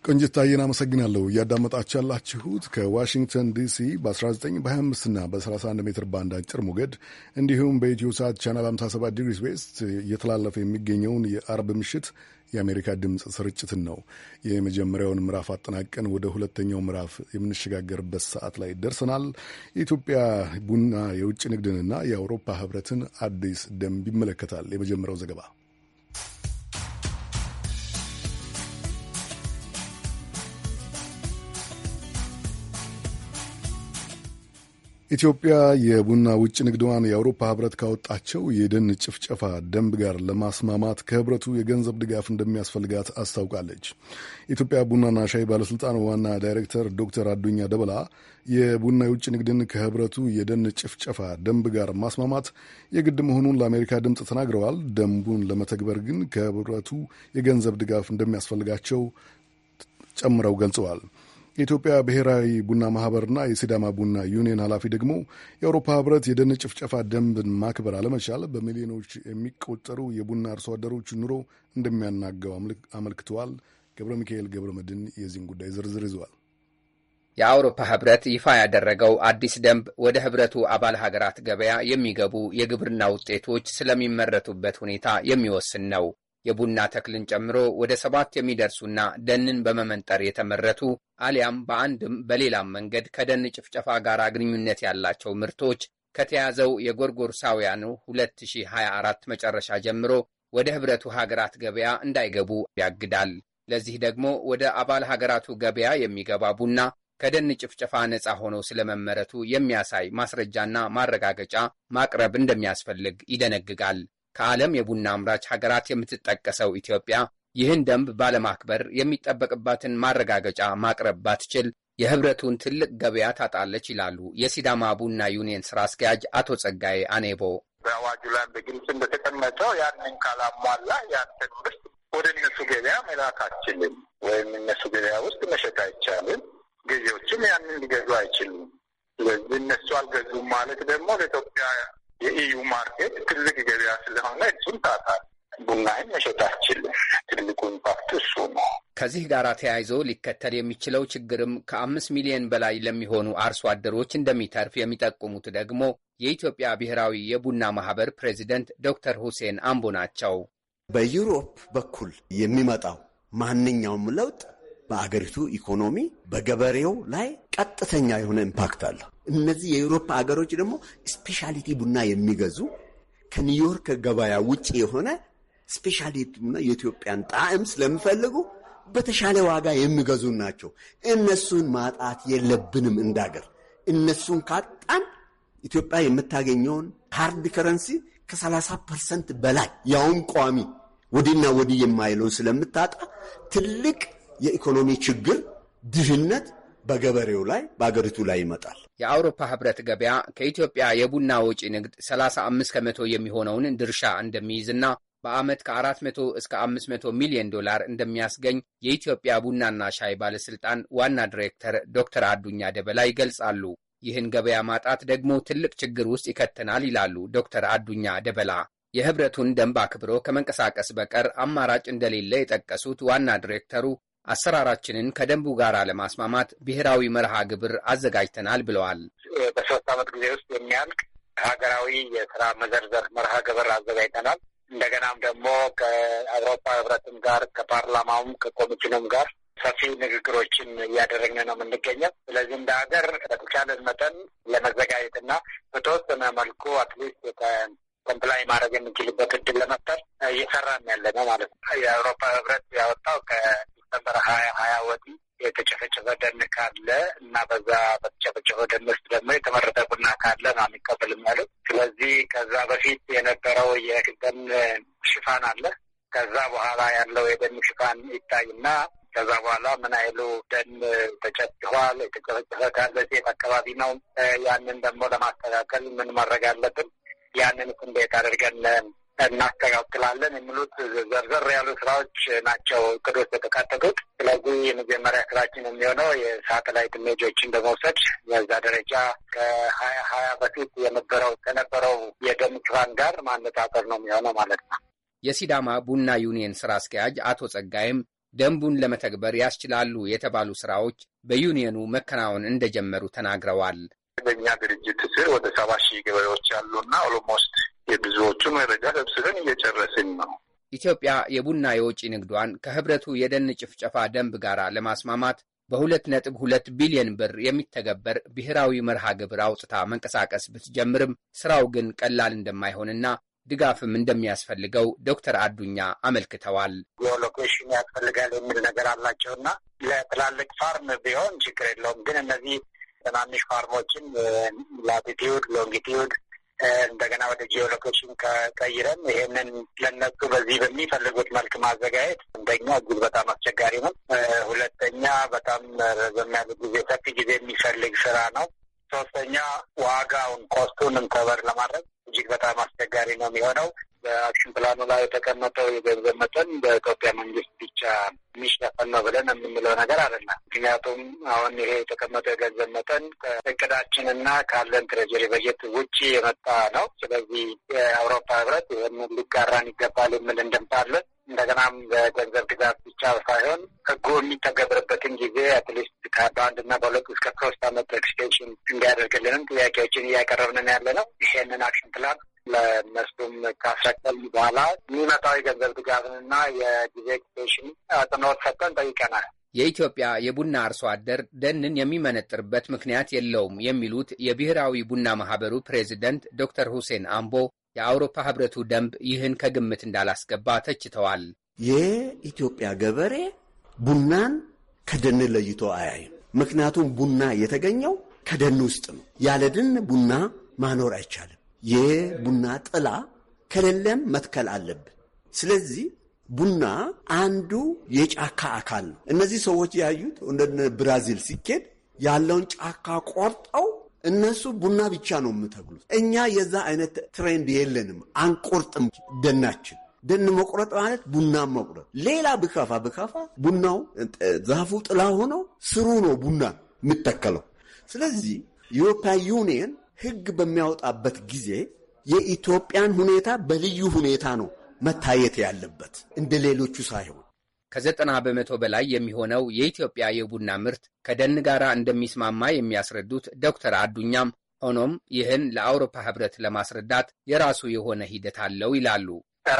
ቆንጅታዬን አመሰግናለሁ። እያዳመጣችሁ ያላችሁት ከዋሽንግተን ዲሲ በ19 25 በ31 ሜትር ባንድ አጭር ሞገድ እንዲሁም በኢትዮ ሳት ቻናል 57 ዲግሪስ ዌስት እየተላለፈ የሚገኘውን የአርብ ምሽት የአሜሪካ ድምፅ ስርጭትን ነው። የመጀመሪያውን ምዕራፍ አጠናቀን ወደ ሁለተኛው ምዕራፍ የምንሸጋገርበት ሰዓት ላይ ደርሰናል። የኢትዮጵያ ቡና የውጭ ንግድንና የአውሮፓ ህብረትን አዲስ ደንብ ይመለከታል የመጀመሪያው ዘገባ ኢትዮጵያ የቡና ውጭ ንግድዋን የአውሮፓ ህብረት ካወጣቸው የደን ጭፍጨፋ ደንብ ጋር ለማስማማት ከህብረቱ የገንዘብ ድጋፍ እንደሚያስፈልጋት አስታውቃለች። የኢትዮጵያ ቡናና ሻይ ባለስልጣን ዋና ዳይሬክተር ዶክተር አዱኛ ደበላ የቡና የውጭ ንግድን ከህብረቱ የደን ጭፍጨፋ ደንብ ጋር ማስማማት የግድ መሆኑን ለአሜሪካ ድምፅ ተናግረዋል። ደንቡን ለመተግበር ግን ከህብረቱ የገንዘብ ድጋፍ እንደሚያስፈልጋቸው ጨምረው ገልጸዋል። የኢትዮጵያ ብሔራዊ ቡና ማህበርና የሲዳማ ቡና ዩኒየን ኃላፊ ደግሞ የአውሮፓ ህብረት የደን ጭፍጨፋ ደንብን ማክበር አለመቻል በሚሊዮኖች የሚቆጠሩ የቡና አርሶ አደሮች ኑሮ እንደሚያናገው አመልክተዋል። ገብረ ሚካኤል ገብረ መድን የዚህን ጉዳይ ዝርዝር ይዘዋል። የአውሮፓ ህብረት ይፋ ያደረገው አዲስ ደንብ ወደ ህብረቱ አባል ሀገራት ገበያ የሚገቡ የግብርና ውጤቶች ስለሚመረቱበት ሁኔታ የሚወስን ነው። የቡና ተክልን ጨምሮ ወደ ሰባት የሚደርሱና ደንን በመመንጠር የተመረቱ አሊያም በአንድም በሌላም መንገድ ከደን ጭፍጨፋ ጋር ግንኙነት ያላቸው ምርቶች ከተያዘው የጎርጎርሳውያኑ 2024 መጨረሻ ጀምሮ ወደ ህብረቱ ሀገራት ገበያ እንዳይገቡ ያግዳል። ለዚህ ደግሞ ወደ አባል ሀገራቱ ገበያ የሚገባ ቡና ከደን ጭፍጨፋ ነፃ ሆኖ ስለመመረቱ የሚያሳይ ማስረጃና ማረጋገጫ ማቅረብ እንደሚያስፈልግ ይደነግጋል። ከዓለም የቡና አምራች ሀገራት የምትጠቀሰው ኢትዮጵያ ይህን ደንብ ባለማክበር የሚጠበቅባትን ማረጋገጫ ማቅረብ ባትችል የህብረቱን ትልቅ ገበያ ታጣለች ይላሉ የሲዳማ ቡና ዩኒየን ስራ አስኪያጅ አቶ ጸጋዬ አኔቦ። በአዋጁ ላይ በግልጽ እንደተቀመጠው ያንን ካላሟላ ያንተን ምርት ወደ እነሱ ገበያ መላክ አችልም ወይም እነሱ ገበያ ውስጥ መሸጥ አይቻልም። ገዢዎችም ያንን ሊገዙ አይችልም። ስለዚህ እነሱ አልገዙም ማለት ደግሞ ለኢትዮጵያ የኢዩ ማርኬት ትልቅ ገበያ ስለሆነ እሱን ታታል ቡናይን መሸጥ አችልም። ትልቁ ኢምፓክት እሱ ነው። ከዚህ ጋር ተያይዞ ሊከተል የሚችለው ችግርም ከአምስት ሚሊዮን በላይ ለሚሆኑ አርሶ አደሮች እንደሚተርፍ የሚጠቁሙት ደግሞ የኢትዮጵያ ብሔራዊ የቡና ማህበር ፕሬዚደንት ዶክተር ሁሴን አምቦ ናቸው። በዩሮፕ በኩል የሚመጣው ማንኛውም ለውጥ በአገሪቱ ኢኮኖሚ በገበሬው ላይ ቀጥተኛ የሆነ ኢምፓክት አለው። እነዚህ የዩሮፓ ሀገሮች ደግሞ ስፔሻሊቲ ቡና የሚገዙ ከኒውዮርክ ገበያ ውጭ የሆነ ስፔሻሊቲ ቡና የኢትዮጵያን ጣዕም ስለሚፈልጉ በተሻለ ዋጋ የሚገዙ ናቸው። እነሱን ማጣት የለብንም እንዳገር። እነሱን ካጣን ኢትዮጵያ የምታገኘውን ሃርድ ከረንሲ ከ30 ፐርሰንት በላይ ያውም ቋሚ ወዲና ወዲህ የማይለውን ስለምታጣ ትልቅ የኢኮኖሚ ችግር፣ ድህነት በገበሬው ላይ በአገሪቱ ላይ ይመጣል። የአውሮፓ ህብረት ገበያ ከኢትዮጵያ የቡና ወጪ ንግድ 35 ከመቶ የሚሆነውን ድርሻ እንደሚይዝና በዓመት ከ400 እስከ 500 ሚሊዮን ዶላር እንደሚያስገኝ የኢትዮጵያ ቡናና ሻይ ባለሥልጣን ዋና ዲሬክተር ዶክተር አዱኛ ደበላ ይገልጻሉ። ይህን ገበያ ማጣት ደግሞ ትልቅ ችግር ውስጥ ይከተናል ይላሉ ዶክተር አዱኛ ደበላ። የህብረቱን ደንብ አክብሮ ከመንቀሳቀስ በቀር አማራጭ እንደሌለ የጠቀሱት ዋና ዲሬክተሩ አሰራራችንን ከደንቡ ጋር ለማስማማት ብሔራዊ መርሃ ግብር አዘጋጅተናል ብለዋል። በሶስት ዓመት ጊዜ ውስጥ የሚያልቅ ሀገራዊ የስራ መዘርዘር መርሃ ግብር አዘጋጅተናል። እንደገናም ደግሞ ከአውሮፓ ህብረትም ጋር ከፓርላማውም ከኮሚሽኑም ጋር ሰፊ ንግግሮችን እያደረግን ነው የምንገኘው። ስለዚህ እንደ ሀገር በተቻለን መጠን ለመዘጋጀትና በተወሰነ መልኩ አትሊስት ኮምፕላይ ማድረግ የምንችልበት እድል ለመፍጠር እየሰራን ያለ ነው ማለት ነው። የአውሮፓ ህብረት ያወጣው ከሰፕተምበር ሀያ ሀያ ወዲህ የተጨፈጨፈ ደን ካለ እና በዛ በተጨፈጨፈ ደን ውስጥ ደግሞ የተመረጠ ቡና ካለ ነው አንቀበልም ያሉት። ስለዚህ ከዛ በፊት የነበረው የደን ሽፋን አለ። ከዛ በኋላ ያለው የደን ሽፋን ይታይና ከዛ በኋላ ምን አይሉ ደን ተጨፍጭፏል፣ የተጨፈጨፈ ካለ ሴት አካባቢ ነው። ያንን ደግሞ ለማስተካከል ምን ማድረግ አለብን? ያንን እንዴት አድርገን እናስተካክላለን የሚሉት ዘርዘር ያሉ ስራዎች ናቸው እቅዶች የተካተቱት። ስለዚህ የመጀመሪያ ስራችን የሚሆነው የሳተላይት ኢሜጆችን በመውሰድ በዛ ደረጃ ከሀያ ሀያ በፊት የነበረው ከነበረው የደም ሽፋን ጋር ማነጻጸር ነው የሚሆነው ማለት ነው። የሲዳማ ቡና ዩኒየን ስራ አስኪያጅ አቶ ጸጋይም ደንቡን ለመተግበር ያስችላሉ የተባሉ ስራዎች በዩኒየኑ መከናወን እንደጀመሩ ተናግረዋል። በእኛ ድርጅት ስር ወደ ሰባ ሺህ ገበሬዎች ያሉና ኦሎሞስት የብዙዎቹ መረጃ ሰብስበን እየጨረስን ነው። ኢትዮጵያ የቡና የውጭ ንግዷን ከህብረቱ የደን ጭፍጨፋ ደንብ ጋር ለማስማማት በሁለት ነጥብ ሁለት ቢሊዮን ብር የሚተገበር ብሔራዊ መርሃ ግብር አውጥታ መንቀሳቀስ ብትጀምርም ስራው ግን ቀላል እንደማይሆንና ድጋፍም እንደሚያስፈልገው ዶክተር አዱኛ አመልክተዋል። ጂኦሎኬሽን ያስፈልጋል የሚል ነገር አላቸውና ለትላልቅ ፋርም ቢሆን ችግር የለውም። ግን እነዚህ ትናንሽ ፋርሞችን ላቲቲዩድ፣ ሎንጊቲዩድ እንደገና ወደ ጂኦሎኬሽን ከቀይረን ይሄንን ለነሱ በዚህ በሚፈልጉት መልክ ማዘጋጀት አንደኛ እጅግ በጣም አስቸጋሪ ነው። ሁለተኛ በጣም ረዘም ያለ ጊዜ፣ ሰፊ ጊዜ የሚፈልግ ስራ ነው። ሶስተኛ ዋጋውን ኮስቱን እንከበር ለማድረግ እጅግ በጣም አስቸጋሪ ነው የሚሆነው። በአክሽን ፕላኑ ላይ የተቀመጠው የገንዘብ መጠን በኢትዮጵያ መንግስት ብቻ የሚሸፈን ነው ብለን የምንለው ነገር አይደለም። ምክንያቱም አሁን ይሄ የተቀመጠው የገንዘብ መጠን ከእቅዳችንና ካለን ትሬጀሪ በጀት ውጭ የመጣ ነው። ስለዚህ የአውሮፓ ህብረት ይህን ሊጋራን ይገባል የምል እንድምታ እንደገናም በገንዘብ ግዛት ብቻ ሳይሆን ህጉ የሚተገብርበትን ጊዜ አትሊስት በአንድና በሁለት እስከ ሶስት አመት ኤክስቴንሽን እንዲያደርግልንም ጥያቄዎችን እያቀረብንን ያለ ነው። ይሄንን አክሽን ፕላን ለእነሱም ካስረከል በኋላ የሚመጣው የገንዘብ ድጋፍንና የጊዜ ኤክስቴንሽን ጥኖት ሰጠን ጠይቀናል። የኢትዮጵያ የቡና አርሶ አደር ደንን የሚመነጥርበት ምክንያት የለውም የሚሉት የብሔራዊ ቡና ማህበሩ ፕሬዚደንት ዶክተር ሁሴን አምቦ የአውሮፓ ህብረቱ ደንብ ይህን ከግምት እንዳላስገባ ተችተዋል። የኢትዮጵያ ገበሬ ቡናን ከደን ለይቶ አያይም። ምክንያቱም ቡና የተገኘው ከደን ውስጥ ነው። ያለ ደን ቡና ማኖር አይቻልም። የቡና ጥላ ከሌለም መትከል አለብን። ስለዚህ ቡና አንዱ የጫካ አካል ነው። እነዚህ ሰዎች ያዩት እንደ ብራዚል ሲኬድ ያለውን ጫካ ቆርጠው እነሱ ቡና ብቻ ነው የምተግሉት። እኛ የዛ አይነት ትሬንድ የለንም፣ አንቆርጥም ደናችን ደን መቁረጥ ማለት ቡና መቁረጥ። ሌላ ብካፋ ብካፋ ቡናው ዛፉ ጥላ ሆኖ ስሩ ነው ቡና የምተከለው። ስለዚህ ዩሮፓ ዩኒየን ህግ በሚያወጣበት ጊዜ የኢትዮጵያን ሁኔታ በልዩ ሁኔታ ነው መታየት ያለበት እንደ ሌሎቹ ሳይሆን። ከዘጠና በመቶ በላይ የሚሆነው የኢትዮጵያ የቡና ምርት ከደን ጋር እንደሚስማማ የሚያስረዱት ዶክተር አዱኛም ሆኖም ይህን ለአውሮፓ ህብረት ለማስረዳት የራሱ የሆነ ሂደት አለው ይላሉ።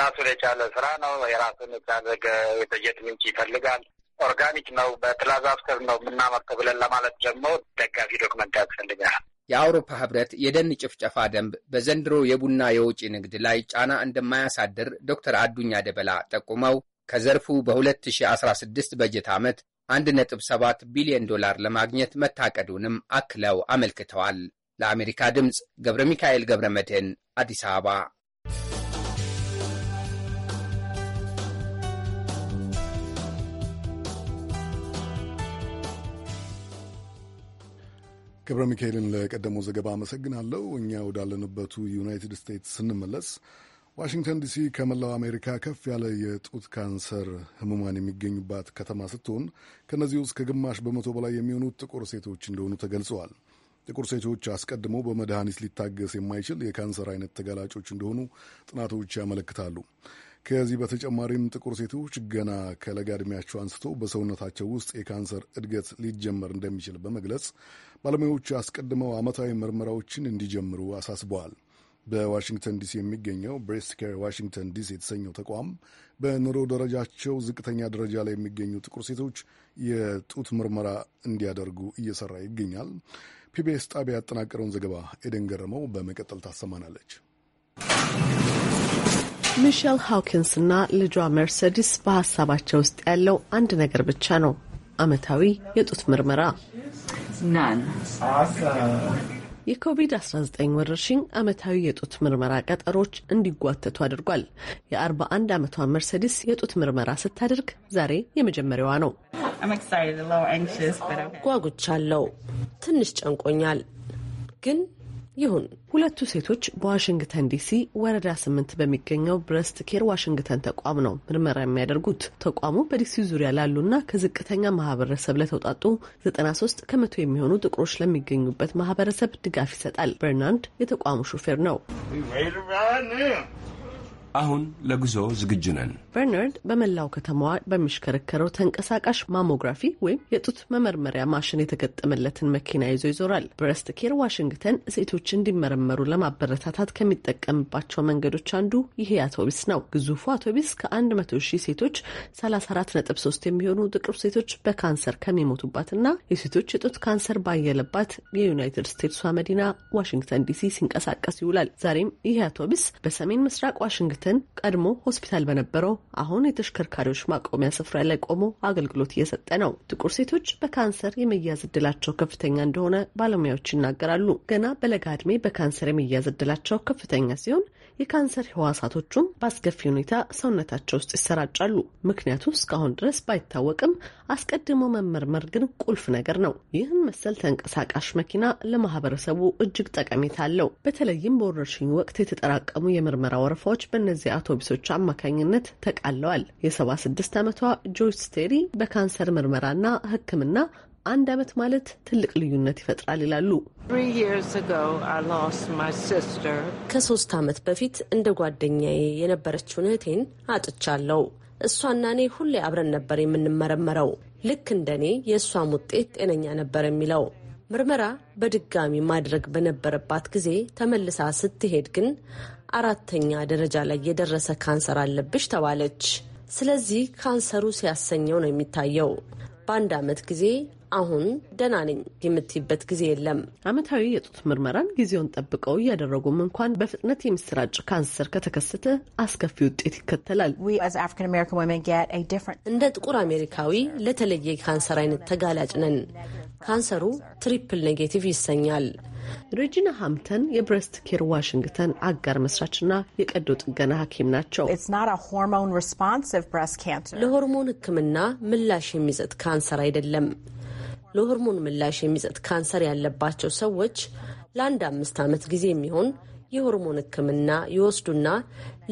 ራሱን የቻለ ስራ ነው። የራሱን የታዘገ የበጀት ምንጭ ይፈልጋል። ኦርጋኒክ ነው፣ በፕላዛ ስር ነው የምናመርተው ብለን ለማለት ደግሞ ደጋፊ ዶክመንት ያስፈልጋል። የአውሮፓ ህብረት የደን ጭፍጨፋ ደንብ በዘንድሮ የቡና የውጪ ንግድ ላይ ጫና እንደማያሳድር ዶክተር አዱኛ ደበላ ጠቁመው ከዘርፉ በ2016 በጀት ዓመት 1.7 ቢሊዮን ዶላር ለማግኘት መታቀዱንም አክለው አመልክተዋል። ለአሜሪካ ድምፅ ገብረ ሚካኤል ገብረ መድህን አዲስ አበባ ገብረ ሚካኤልን ለቀደመው ዘገባ አመሰግናለሁ። እኛ ወዳለንበቱ ዩናይትድ ስቴትስ ስንመለስ ዋሽንግተን ዲሲ ከመላው አሜሪካ ከፍ ያለ የጡት ካንሰር ህሙማን የሚገኙባት ከተማ ስትሆን ከእነዚህ ውስጥ ከግማሽ በመቶ በላይ የሚሆኑት ጥቁር ሴቶች እንደሆኑ ተገልጸዋል። ጥቁር ሴቶች አስቀድሞ በመድኃኒት ሊታገስ የማይችል የካንሰር አይነት ተጋላጮች እንደሆኑ ጥናቶች ያመለክታሉ። ከዚህ በተጨማሪም ጥቁር ሴቶች ገና ከለጋ ዕድሜያቸው አንስቶ በሰውነታቸው ውስጥ የካንሰር እድገት ሊጀመር እንደሚችል በመግለጽ ባለሙያዎቹ አስቀድመው ዓመታዊ ምርመራዎችን እንዲጀምሩ አሳስበዋል። በዋሽንግተን ዲሲ የሚገኘው ብሬስት ኬር ዋሽንግተን ዲሲ የተሰኘው ተቋም በኑሮ ደረጃቸው ዝቅተኛ ደረጃ ላይ የሚገኙ ጥቁር ሴቶች የጡት ምርመራ እንዲያደርጉ እየሰራ ይገኛል። ፒቢኤስ ጣቢያ ያጠናቀረውን ዘገባ ኤደን ገረመው በመቀጠል ታሰማናለች። ሚሼል ሃውኪንስና ልጇ መርሴዲስ በሀሳባቸው ውስጥ ያለው አንድ ነገር ብቻ ነው፣ ዓመታዊ የጡት ምርመራ። የኮቪድ-19 ወረርሽኝ ዓመታዊ የጡት ምርመራ ቀጠሮች እንዲጓተቱ አድርጓል። የ41 ዓመቷ መርሴዲስ የጡት ምርመራ ስታደርግ ዛሬ የመጀመሪያዋ ነው። ጓጉቻለሁ፣ ትንሽ ጨንቆኛል፣ ግን ይሁን ሁለቱ ሴቶች በዋሽንግተን ዲሲ ወረዳ ስምንት በሚገኘው ብረስት ኬር ዋሽንግተን ተቋም ነው ምርመራ የሚያደርጉት። ተቋሙ በዲሲ ዙሪያ ላሉና ከዝቅተኛ ማህበረሰብ ለተውጣጡ 93 ከመቶ የሚሆኑ ጥቁሮች ለሚገኙበት ማህበረሰብ ድጋፍ ይሰጣል። በርናንድ የተቋሙ ሹፌር ነው። አሁን ለጉዞ ዝግጁ ነን። በርናርድ በመላው ከተማዋ በሚሽከረከረው ተንቀሳቃሽ ማሞግራፊ ወይም የጡት መመርመሪያ ማሽን የተገጠመለትን መኪና ይዞ ይዞራል። ብረስት ኬር ዋሽንግተን ሴቶች እንዲመረመሩ ለማበረታታት ከሚጠቀምባቸው መንገዶች አንዱ ይሄ አውቶቢስ ነው። ግዙፉ አውቶቢስ ከ100 ሺህ ሴቶች 34.3 የሚሆኑ ጥቁር ሴቶች በካንሰር ከሚሞቱባትና የሴቶች የጡት ካንሰር ባየለባት የዩናይትድ ስቴትሷ መዲና ዋሽንግተን ዲሲ ሲንቀሳቀስ ይውላል። ዛሬም ይህ አውቶቢስ በሰሜን ምስራቅ ዋሽንግተን መድኃኒትን ቀድሞ ሆስፒታል በነበረው አሁን የተሽከርካሪዎች ማቆሚያ ስፍራ ላይ ቆሞ አገልግሎት እየሰጠ ነው። ጥቁር ሴቶች በካንሰር የመያዝ እድላቸው ከፍተኛ እንደሆነ ባለሙያዎች ይናገራሉ። ገና በለጋ እድሜ በካንሰር የመያዝ እድላቸው ከፍተኛ ሲሆን የካንሰር ህዋሳቶቹም በአስከፊ ሁኔታ ሰውነታቸው ውስጥ ይሰራጫሉ። ምክንያቱ እስካሁን ድረስ ባይታወቅም አስቀድሞ መመርመር ግን ቁልፍ ነገር ነው። ይህን መሰል ተንቀሳቃሽ መኪና ለማህበረሰቡ እጅግ ጠቀሜታ አለው። በተለይም በወረርሽኝ ወቅት የተጠራቀሙ የምርመራ ወረፋዎች በነ በእነዚህ አውቶቡሶች አማካኝነት ተቃለዋል። የ76 ዓመቷ ጆይስ ስቴሪ በካንሰር ምርመራና ሕክምና አንድ ዓመት ማለት ትልቅ ልዩነት ይፈጥራል ይላሉ። ከሶስት ዓመት በፊት እንደ ጓደኛዬ የነበረችውን እህቴን አጥቻለሁ። እሷና እኔ ሁሌ አብረን ነበር የምንመረመረው። ልክ እንደ እኔ የእሷም ውጤት ጤነኛ ነበር የሚለው ምርመራ በድጋሚ ማድረግ በነበረባት ጊዜ ተመልሳ ስትሄድ ግን አራተኛ ደረጃ ላይ የደረሰ ካንሰር አለብሽ ተባለች። ስለዚህ ካንሰሩ ሲያሰኘው ነው የሚታየው። በአንድ ዓመት ጊዜ አሁን ደህና ነኝ የምትይበት ጊዜ የለም። ዓመታዊ የጡት ምርመራን ጊዜውን ጠብቀው እያደረጉም እንኳን በፍጥነት የሚሰራጭ ካንሰር ከተከሰተ አስከፊ ውጤት ይከተላል። እንደ ጥቁር አሜሪካዊ ለተለየ ካንሰር አይነት ተጋላጭ ነን። ካንሰሩ ትሪፕል ኔጌቲቭ ይሰኛል። ሬጂና ሃምተን የብረስት ኬር ዋሽንግተን አጋር መስራችና የቀዶ ጥገና ሐኪም ናቸው። ለሆርሞን ሕክምና ምላሽ የሚሰጥ ካንሰር አይደለም። ለሆርሞን ምላሽ የሚሰጥ ካንሰር ያለባቸው ሰዎች ለአንድ አምስት ዓመት ጊዜ የሚሆን የሆርሞን ሕክምና ይወስዱና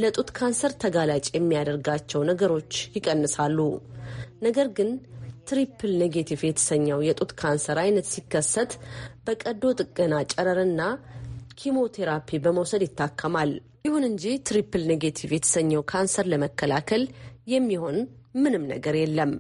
ለጡት ካንሰር ተጋላጭ የሚያደርጋቸው ነገሮች ይቀንሳሉ። ነገር ግን ትሪፕል ኔጌቲቭ የተሰኘው የጡት ካንሰር አይነት ሲከሰት በቀዶ ጥገና ጨረርና ኪሞቴራፒ በመውሰድ ይታከማል። ይሁን እንጂ ትሪፕል ኔጌቲቭ የተሰኘው ካንሰር ለመከላከል የሚሆን ምንም ነገር የለም።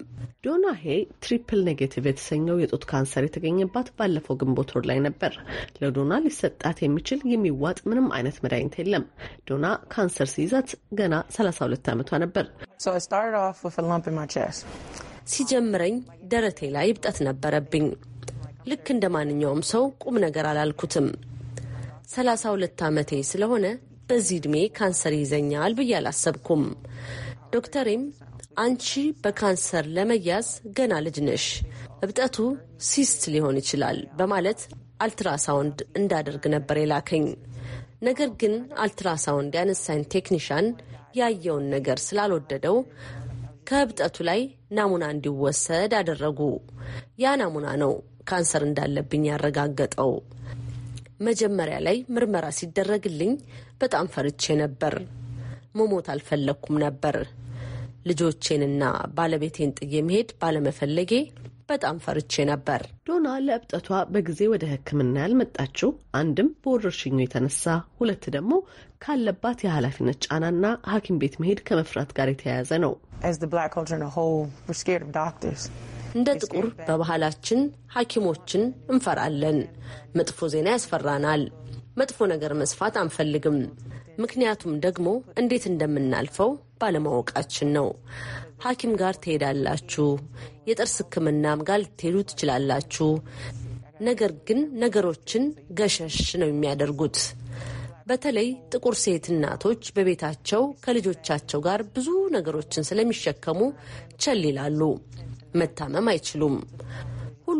ዶና ሄ ትሪፕል ኔጌቲቭ የተሰኘው የጡት ካንሰር የተገኘባት ባለፈው ግንቦት ወር ላይ ነበር። ለዶና ሊሰጣት የሚችል የሚዋጥ ምንም አይነት መድኃኒት የለም። ዶና ካንሰር ሲይዛት ገና 32 ዓመቷ ነበር። ሲጀምረኝ ደረቴ ላይ እብጠት ነበረብኝ። ልክ እንደ ማንኛውም ሰው ቁም ነገር አላልኩትም። ሰላሳ ሁለት ዓመቴ ስለሆነ በዚህ ዕድሜ ካንሰር ይዘኛል ብዬ አላሰብኩም። ዶክተሬም አንቺ በካንሰር ለመያዝ ገና ልጅ ነሽ፣ እብጠቱ ሲስት ሊሆን ይችላል በማለት አልትራሳውንድ እንዳደርግ ነበር የላከኝ። ነገር ግን አልትራሳውንድ ያነሳኝ ቴክኒሻን ያየውን ነገር ስላልወደደው ከህብጠቱ ላይ ናሙና እንዲወሰድ አደረጉ። ያ ናሙና ነው ካንሰር እንዳለብኝ ያረጋገጠው። መጀመሪያ ላይ ምርመራ ሲደረግልኝ በጣም ፈርቼ ነበር። መሞት አልፈለግኩም ነበር። ልጆቼንና ባለቤቴን ጥዬ መሄድ ባለመፈለጌ በጣም ፈርቼ ነበር። ዶና ለእብጠቷ በጊዜ ወደ ሕክምና ያልመጣችው አንድም በወረርሽኙ የተነሳ ሁለት ደግሞ ካለባት የኃላፊነት ጫናና ሐኪም ቤት መሄድ ከመፍራት ጋር የተያያዘ ነው። እንደ ጥቁር በባህላችን ሐኪሞችን እንፈራለን። መጥፎ ዜና ያስፈራናል። መጥፎ ነገር መስፋት አንፈልግም። ምክንያቱም ደግሞ እንዴት እንደምናልፈው ባለማወቃችን ነው። ሐኪም ጋር ትሄዳላችሁ፣ የጥርስ ሕክምናም ጋር ልትሄዱ ትችላላችሁ። ነገር ግን ነገሮችን ገሸሽ ነው የሚያደርጉት። በተለይ ጥቁር ሴት እናቶች በቤታቸው ከልጆቻቸው ጋር ብዙ ነገሮችን ስለሚሸከሙ ቸል ይላሉ። መታመም አይችሉም።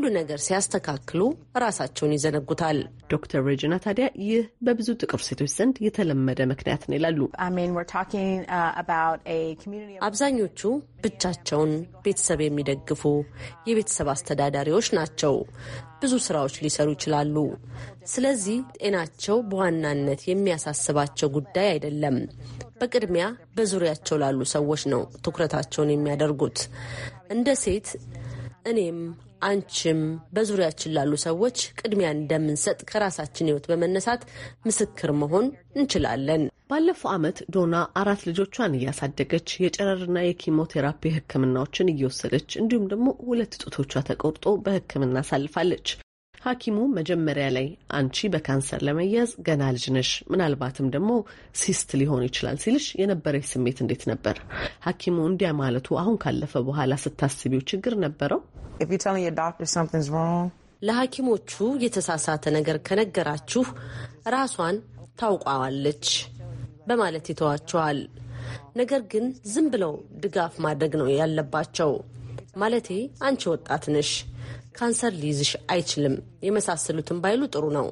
ሁሉ ነገር ሲያስተካክሉ ራሳቸውን ይዘነጉታል። ዶክተር ሬጅና ታዲያ ይህ በብዙ ጥቁር ሴቶች ዘንድ የተለመደ ምክንያት ነው ይላሉ። uh, አብዛኞቹ ብቻቸውን ቤተሰብ የሚደግፉ የቤተሰብ አስተዳዳሪዎች ናቸው። ብዙ ስራዎች ሊሰሩ ይችላሉ። ስለዚህ ጤናቸው በዋናነት የሚያሳስባቸው ጉዳይ አይደለም። በቅድሚያ በዙሪያቸው ላሉ ሰዎች ነው ትኩረታቸውን የሚያደርጉት። እንደ ሴት እኔም አንቺም በዙሪያችን ላሉ ሰዎች ቅድሚያ እንደምንሰጥ ከራሳችን ህይወት በመነሳት ምስክር መሆን እንችላለን። ባለፈው ዓመት ዶና አራት ልጆቿን እያሳደገች የጨረርና የኪሞቴራፒ ህክምናዎችን እየወሰደች እንዲሁም ደግሞ ሁለት ጡቶቿ ተቆርጦ በህክምና አሳልፋለች። ሐኪሙ መጀመሪያ ላይ አንቺ በካንሰር ለመያዝ ገና ልጅ ነሽ፣ ምናልባትም ደግሞ ሲስት ሊሆን ይችላል ሲልሽ የነበረች ስሜት እንዴት ነበር? ሐኪሙ እንዲያ ማለቱ አሁን ካለፈ በኋላ ስታስቢው ችግር ነበረው? ለሐኪሞቹ የተሳሳተ ነገር ከነገራችሁ ራሷን ታውቋዋለች በማለት ይተዋቸዋል። ነገር ግን ዝም ብለው ድጋፍ ማድረግ ነው ያለባቸው። ማለቴ አንቺ ወጣት ነሽ ካንሰር ሊይዝሽ አይችልም የመሳሰሉትን ባይሉ ጥሩ ነው።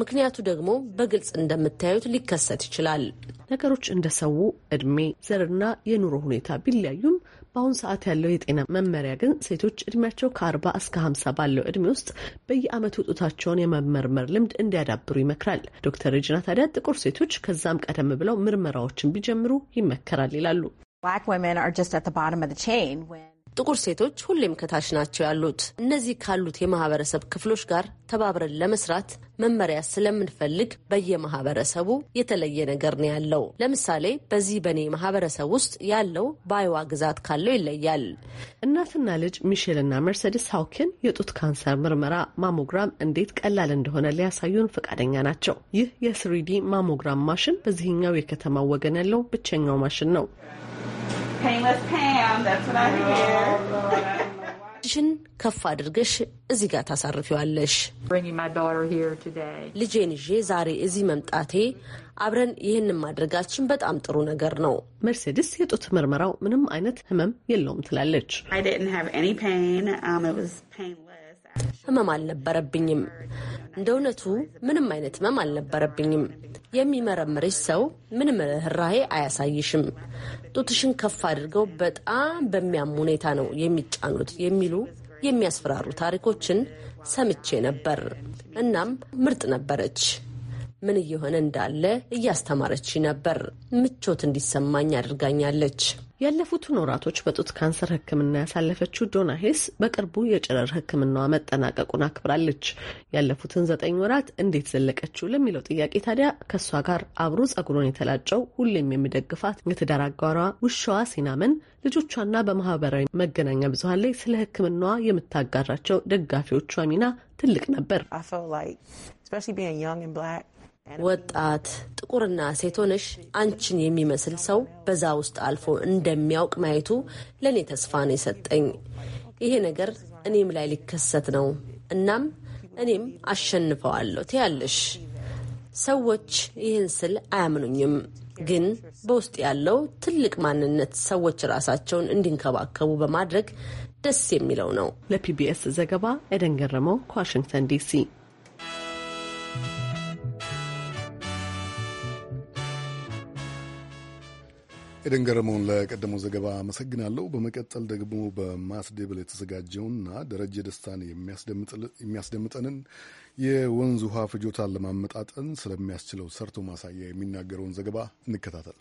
ምክንያቱ ደግሞ በግልጽ እንደምታዩት ሊከሰት ይችላል። ነገሮች እንደ ሰው እድሜ፣ ዘርና የኑሮ ሁኔታ ቢለያዩም በአሁን ሰዓት ያለው የጤና መመሪያ ግን ሴቶች እድሜያቸው ከ40 እስከ 50 ባለው እድሜ ውስጥ በየአመቱ ጡታቸውን የመመርመር ልምድ እንዲያዳብሩ ይመክራል። ዶክተር ሬጅና ታዲያ ጥቁር ሴቶች ከዛም ቀደም ብለው ምርመራዎችን ቢጀምሩ ይመከራል ይላሉ። ጥቁር ሴቶች ሁሌም ከታች ናቸው ያሉት። እነዚህ ካሉት የማህበረሰብ ክፍሎች ጋር ተባብረን ለመስራት መመሪያ ስለምንፈልግ በየማህበረሰቡ የተለየ ነገር ነው ያለው። ለምሳሌ በዚህ በእኔ ማህበረሰብ ውስጥ ያለው በአይዋ ግዛት ካለው ይለያል። እናትና ልጅ ሚሼልና መርሴዲስ ሀውኪን የጡት ካንሰር ምርመራ ማሞግራም እንዴት ቀላል እንደሆነ ሊያሳዩን ፈቃደኛ ናቸው። ይህ የስሪዲ ማሞግራም ማሽን በዚህኛው የከተማ ወገን ያለው ብቸኛው ማሽን ነው። painless Pam. That's what I hear. ሽን ከፍ አድርገሽ እዚህ ጋር ታሳርፊዋለሽ። ልጄን ይዤ ዛሬ እዚህ መምጣቴ አብረን ይህንን ማድረጋችን በጣም ጥሩ ነገር ነው። መርሴድስ የጡት ምርመራው ምንም አይነት ህመም የለውም ትላለች። ህመም አልነበረብኝም። እንደ እውነቱ ምንም አይነት ህመም አልነበረብኝም። የሚመረምርሽ ሰው ምንም ርኅራሄ አያሳይሽም። ጡትሽን ከፍ አድርገው በጣም በሚያም ሁኔታ ነው የሚጫኑት የሚሉ የሚያስፈራሩ ታሪኮችን ሰምቼ ነበር። እናም ምርጥ ነበረች። ምን እየሆነ እንዳለ እያስተማረች ነበር። ምቾት እንዲሰማኝ አድርጋኛለች። ያለፉትን ወራቶች በጡት ካንሰር ሕክምና ያሳለፈችው ዶና ሄስ በቅርቡ የጨረር ሕክምናዋ መጠናቀቁን አክብራለች። ያለፉትን ዘጠኝ ወራት እንዴት ዘለቀችው ለሚለው ጥያቄ ታዲያ ከእሷ ጋር አብሮ ጸጉሩን የተላጨው ሁሌም የሚደግፋት የትዳር አጋሯ ውሻዋ ሲናመን፣ ልጆቿና በማህበራዊ መገናኛ ብዙሀን ላይ ስለ ሕክምናዋ የምታጋራቸው ደጋፊዎቿ ሚና ትልቅ ነበር። ወጣት ጥቁርና ሴት ሆነሽ አንቺን የሚመስል ሰው በዛ ውስጥ አልፎ እንደሚያውቅ ማየቱ ለእኔ ተስፋ ነው የሰጠኝ። ይሄ ነገር እኔም ላይ ሊከሰት ነው። እናም እኔም አሸንፈዋለሁ ትያለሽ። ሰዎች ይህን ስል አያምኑኝም፣ ግን በውስጥ ያለው ትልቅ ማንነት ሰዎች ራሳቸውን እንዲንከባከቡ በማድረግ ደስ የሚለው ነው። ለፒቢኤስ ዘገባ ኤደን ገረመው ከዋሽንግተን ዲሲ ኤደን ገረመውን ለቀደመው ዘገባ አመሰግናለሁ። በመቀጠል ደግሞ በማስዴብል የተዘጋጀውና ደረጀ ደስታን የሚያስደምጠንን የወንዝ ውሃ ፍጆታን ለማመጣጠን ስለሚያስችለው ሰርቶ ማሳያ የሚናገረውን ዘገባ እንከታተል።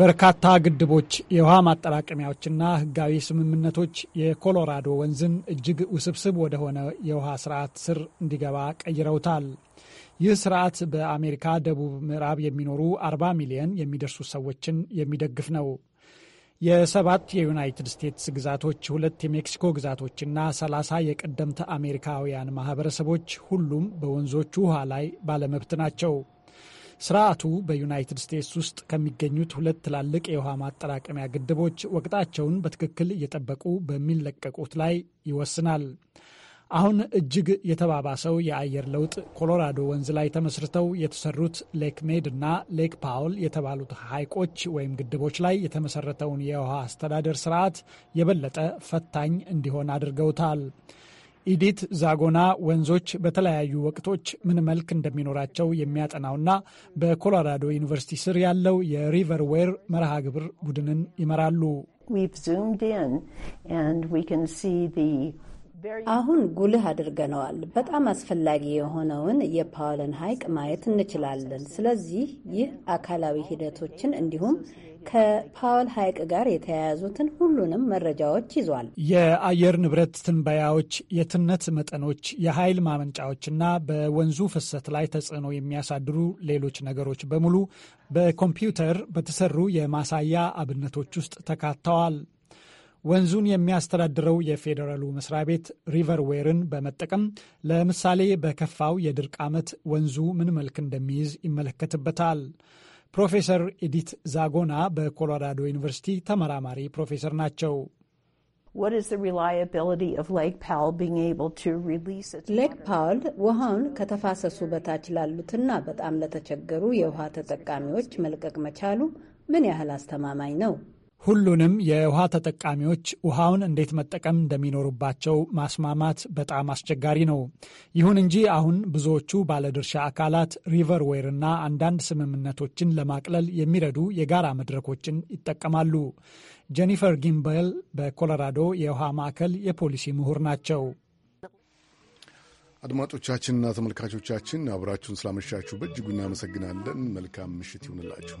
በርካታ ግድቦች፣ የውሃ ማጠራቀሚያዎችና ሕጋዊ ስምምነቶች የኮሎራዶ ወንዝን እጅግ ውስብስብ ወደሆነ የውሃ ስርዓት ስር እንዲገባ ቀይረውታል። ይህ ስርዓት በአሜሪካ ደቡብ ምዕራብ የሚኖሩ 40 ሚሊዮን የሚደርሱ ሰዎችን የሚደግፍ ነው። የሰባት የዩናይትድ ስቴትስ ግዛቶች፣ ሁለት የሜክሲኮ ግዛቶችና 30 የቀደምተ አሜሪካውያን ማህበረሰቦች ሁሉም በወንዞቹ ውሃ ላይ ባለመብት ናቸው። ስርዓቱ በዩናይትድ ስቴትስ ውስጥ ከሚገኙት ሁለት ትላልቅ የውሃ ማጠራቀሚያ ግድቦች ወቅታቸውን በትክክል እየጠበቁ በሚለቀቁት ላይ ይወስናል። አሁን እጅግ የተባባሰው የአየር ለውጥ ኮሎራዶ ወንዝ ላይ ተመስርተው የተሰሩት ሌክ ሜድ እና ሌክ ፓውል የተባሉት ሐይቆች ወይም ግድቦች ላይ የተመሰረተውን የውሃ አስተዳደር ስርዓት የበለጠ ፈታኝ እንዲሆን አድርገውታል። ኢዲት ዛጎና ወንዞች በተለያዩ ወቅቶች ምን መልክ እንደሚኖራቸው የሚያጠናውና በኮሎራዶ ዩኒቨርሲቲ ስር ያለው የሪቨር ዌር መርሃ ግብር ቡድንን ይመራሉ። አሁን ጉልህ አድርገነዋል። በጣም አስፈላጊ የሆነውን የፓወለን ሐይቅ ማየት እንችላለን። ስለዚህ ይህ አካላዊ ሂደቶችን እንዲሁም ከፓወል ሐይቅ ጋር የተያያዙትን ሁሉንም መረጃዎች ይዟል። የአየር ንብረት ትንበያዎች፣ የትነት መጠኖች፣ የኃይል ማመንጫዎችና በወንዙ ፍሰት ላይ ተጽዕኖ የሚያሳድሩ ሌሎች ነገሮች በሙሉ በኮምፒውተር በተሰሩ የማሳያ አብነቶች ውስጥ ተካተዋል። ወንዙን የሚያስተዳድረው የፌዴራሉ መስሪያ ቤት ሪቨርዌርን በመጠቀም ለምሳሌ በከፋው የድርቅ ዓመት ወንዙ ምን መልክ እንደሚይዝ ይመለከትበታል። ፕሮፌሰር ኤዲት ዛጎና በኮሎራዶ ዩኒቨርሲቲ ተመራማሪ ፕሮፌሰር ናቸው። ሌክ ፓውል ውሃውን ከተፋሰሱ በታች ላሉትና በጣም ለተቸገሩ የውሃ ተጠቃሚዎች መልቀቅ መቻሉ ምን ያህል አስተማማኝ ነው? ሁሉንም የውሃ ተጠቃሚዎች ውሃውን እንዴት መጠቀም እንደሚኖሩባቸው ማስማማት በጣም አስቸጋሪ ነው። ይሁን እንጂ አሁን ብዙዎቹ ባለድርሻ አካላት ዌር እና አንዳንድ ስምምነቶችን ለማቅለል የሚረዱ የጋራ መድረኮችን ይጠቀማሉ። ጄኒፈር ጊምበል በኮሎራዶ የውሃ ማዕከል የፖሊሲ ምሁር ናቸው። አድማጮቻችንና ተመልካቾቻችን አብራችሁን ስላመሻችሁ በእጅጉ እናመሰግናለን። መልካም ምሽት ይሁንላችሁ።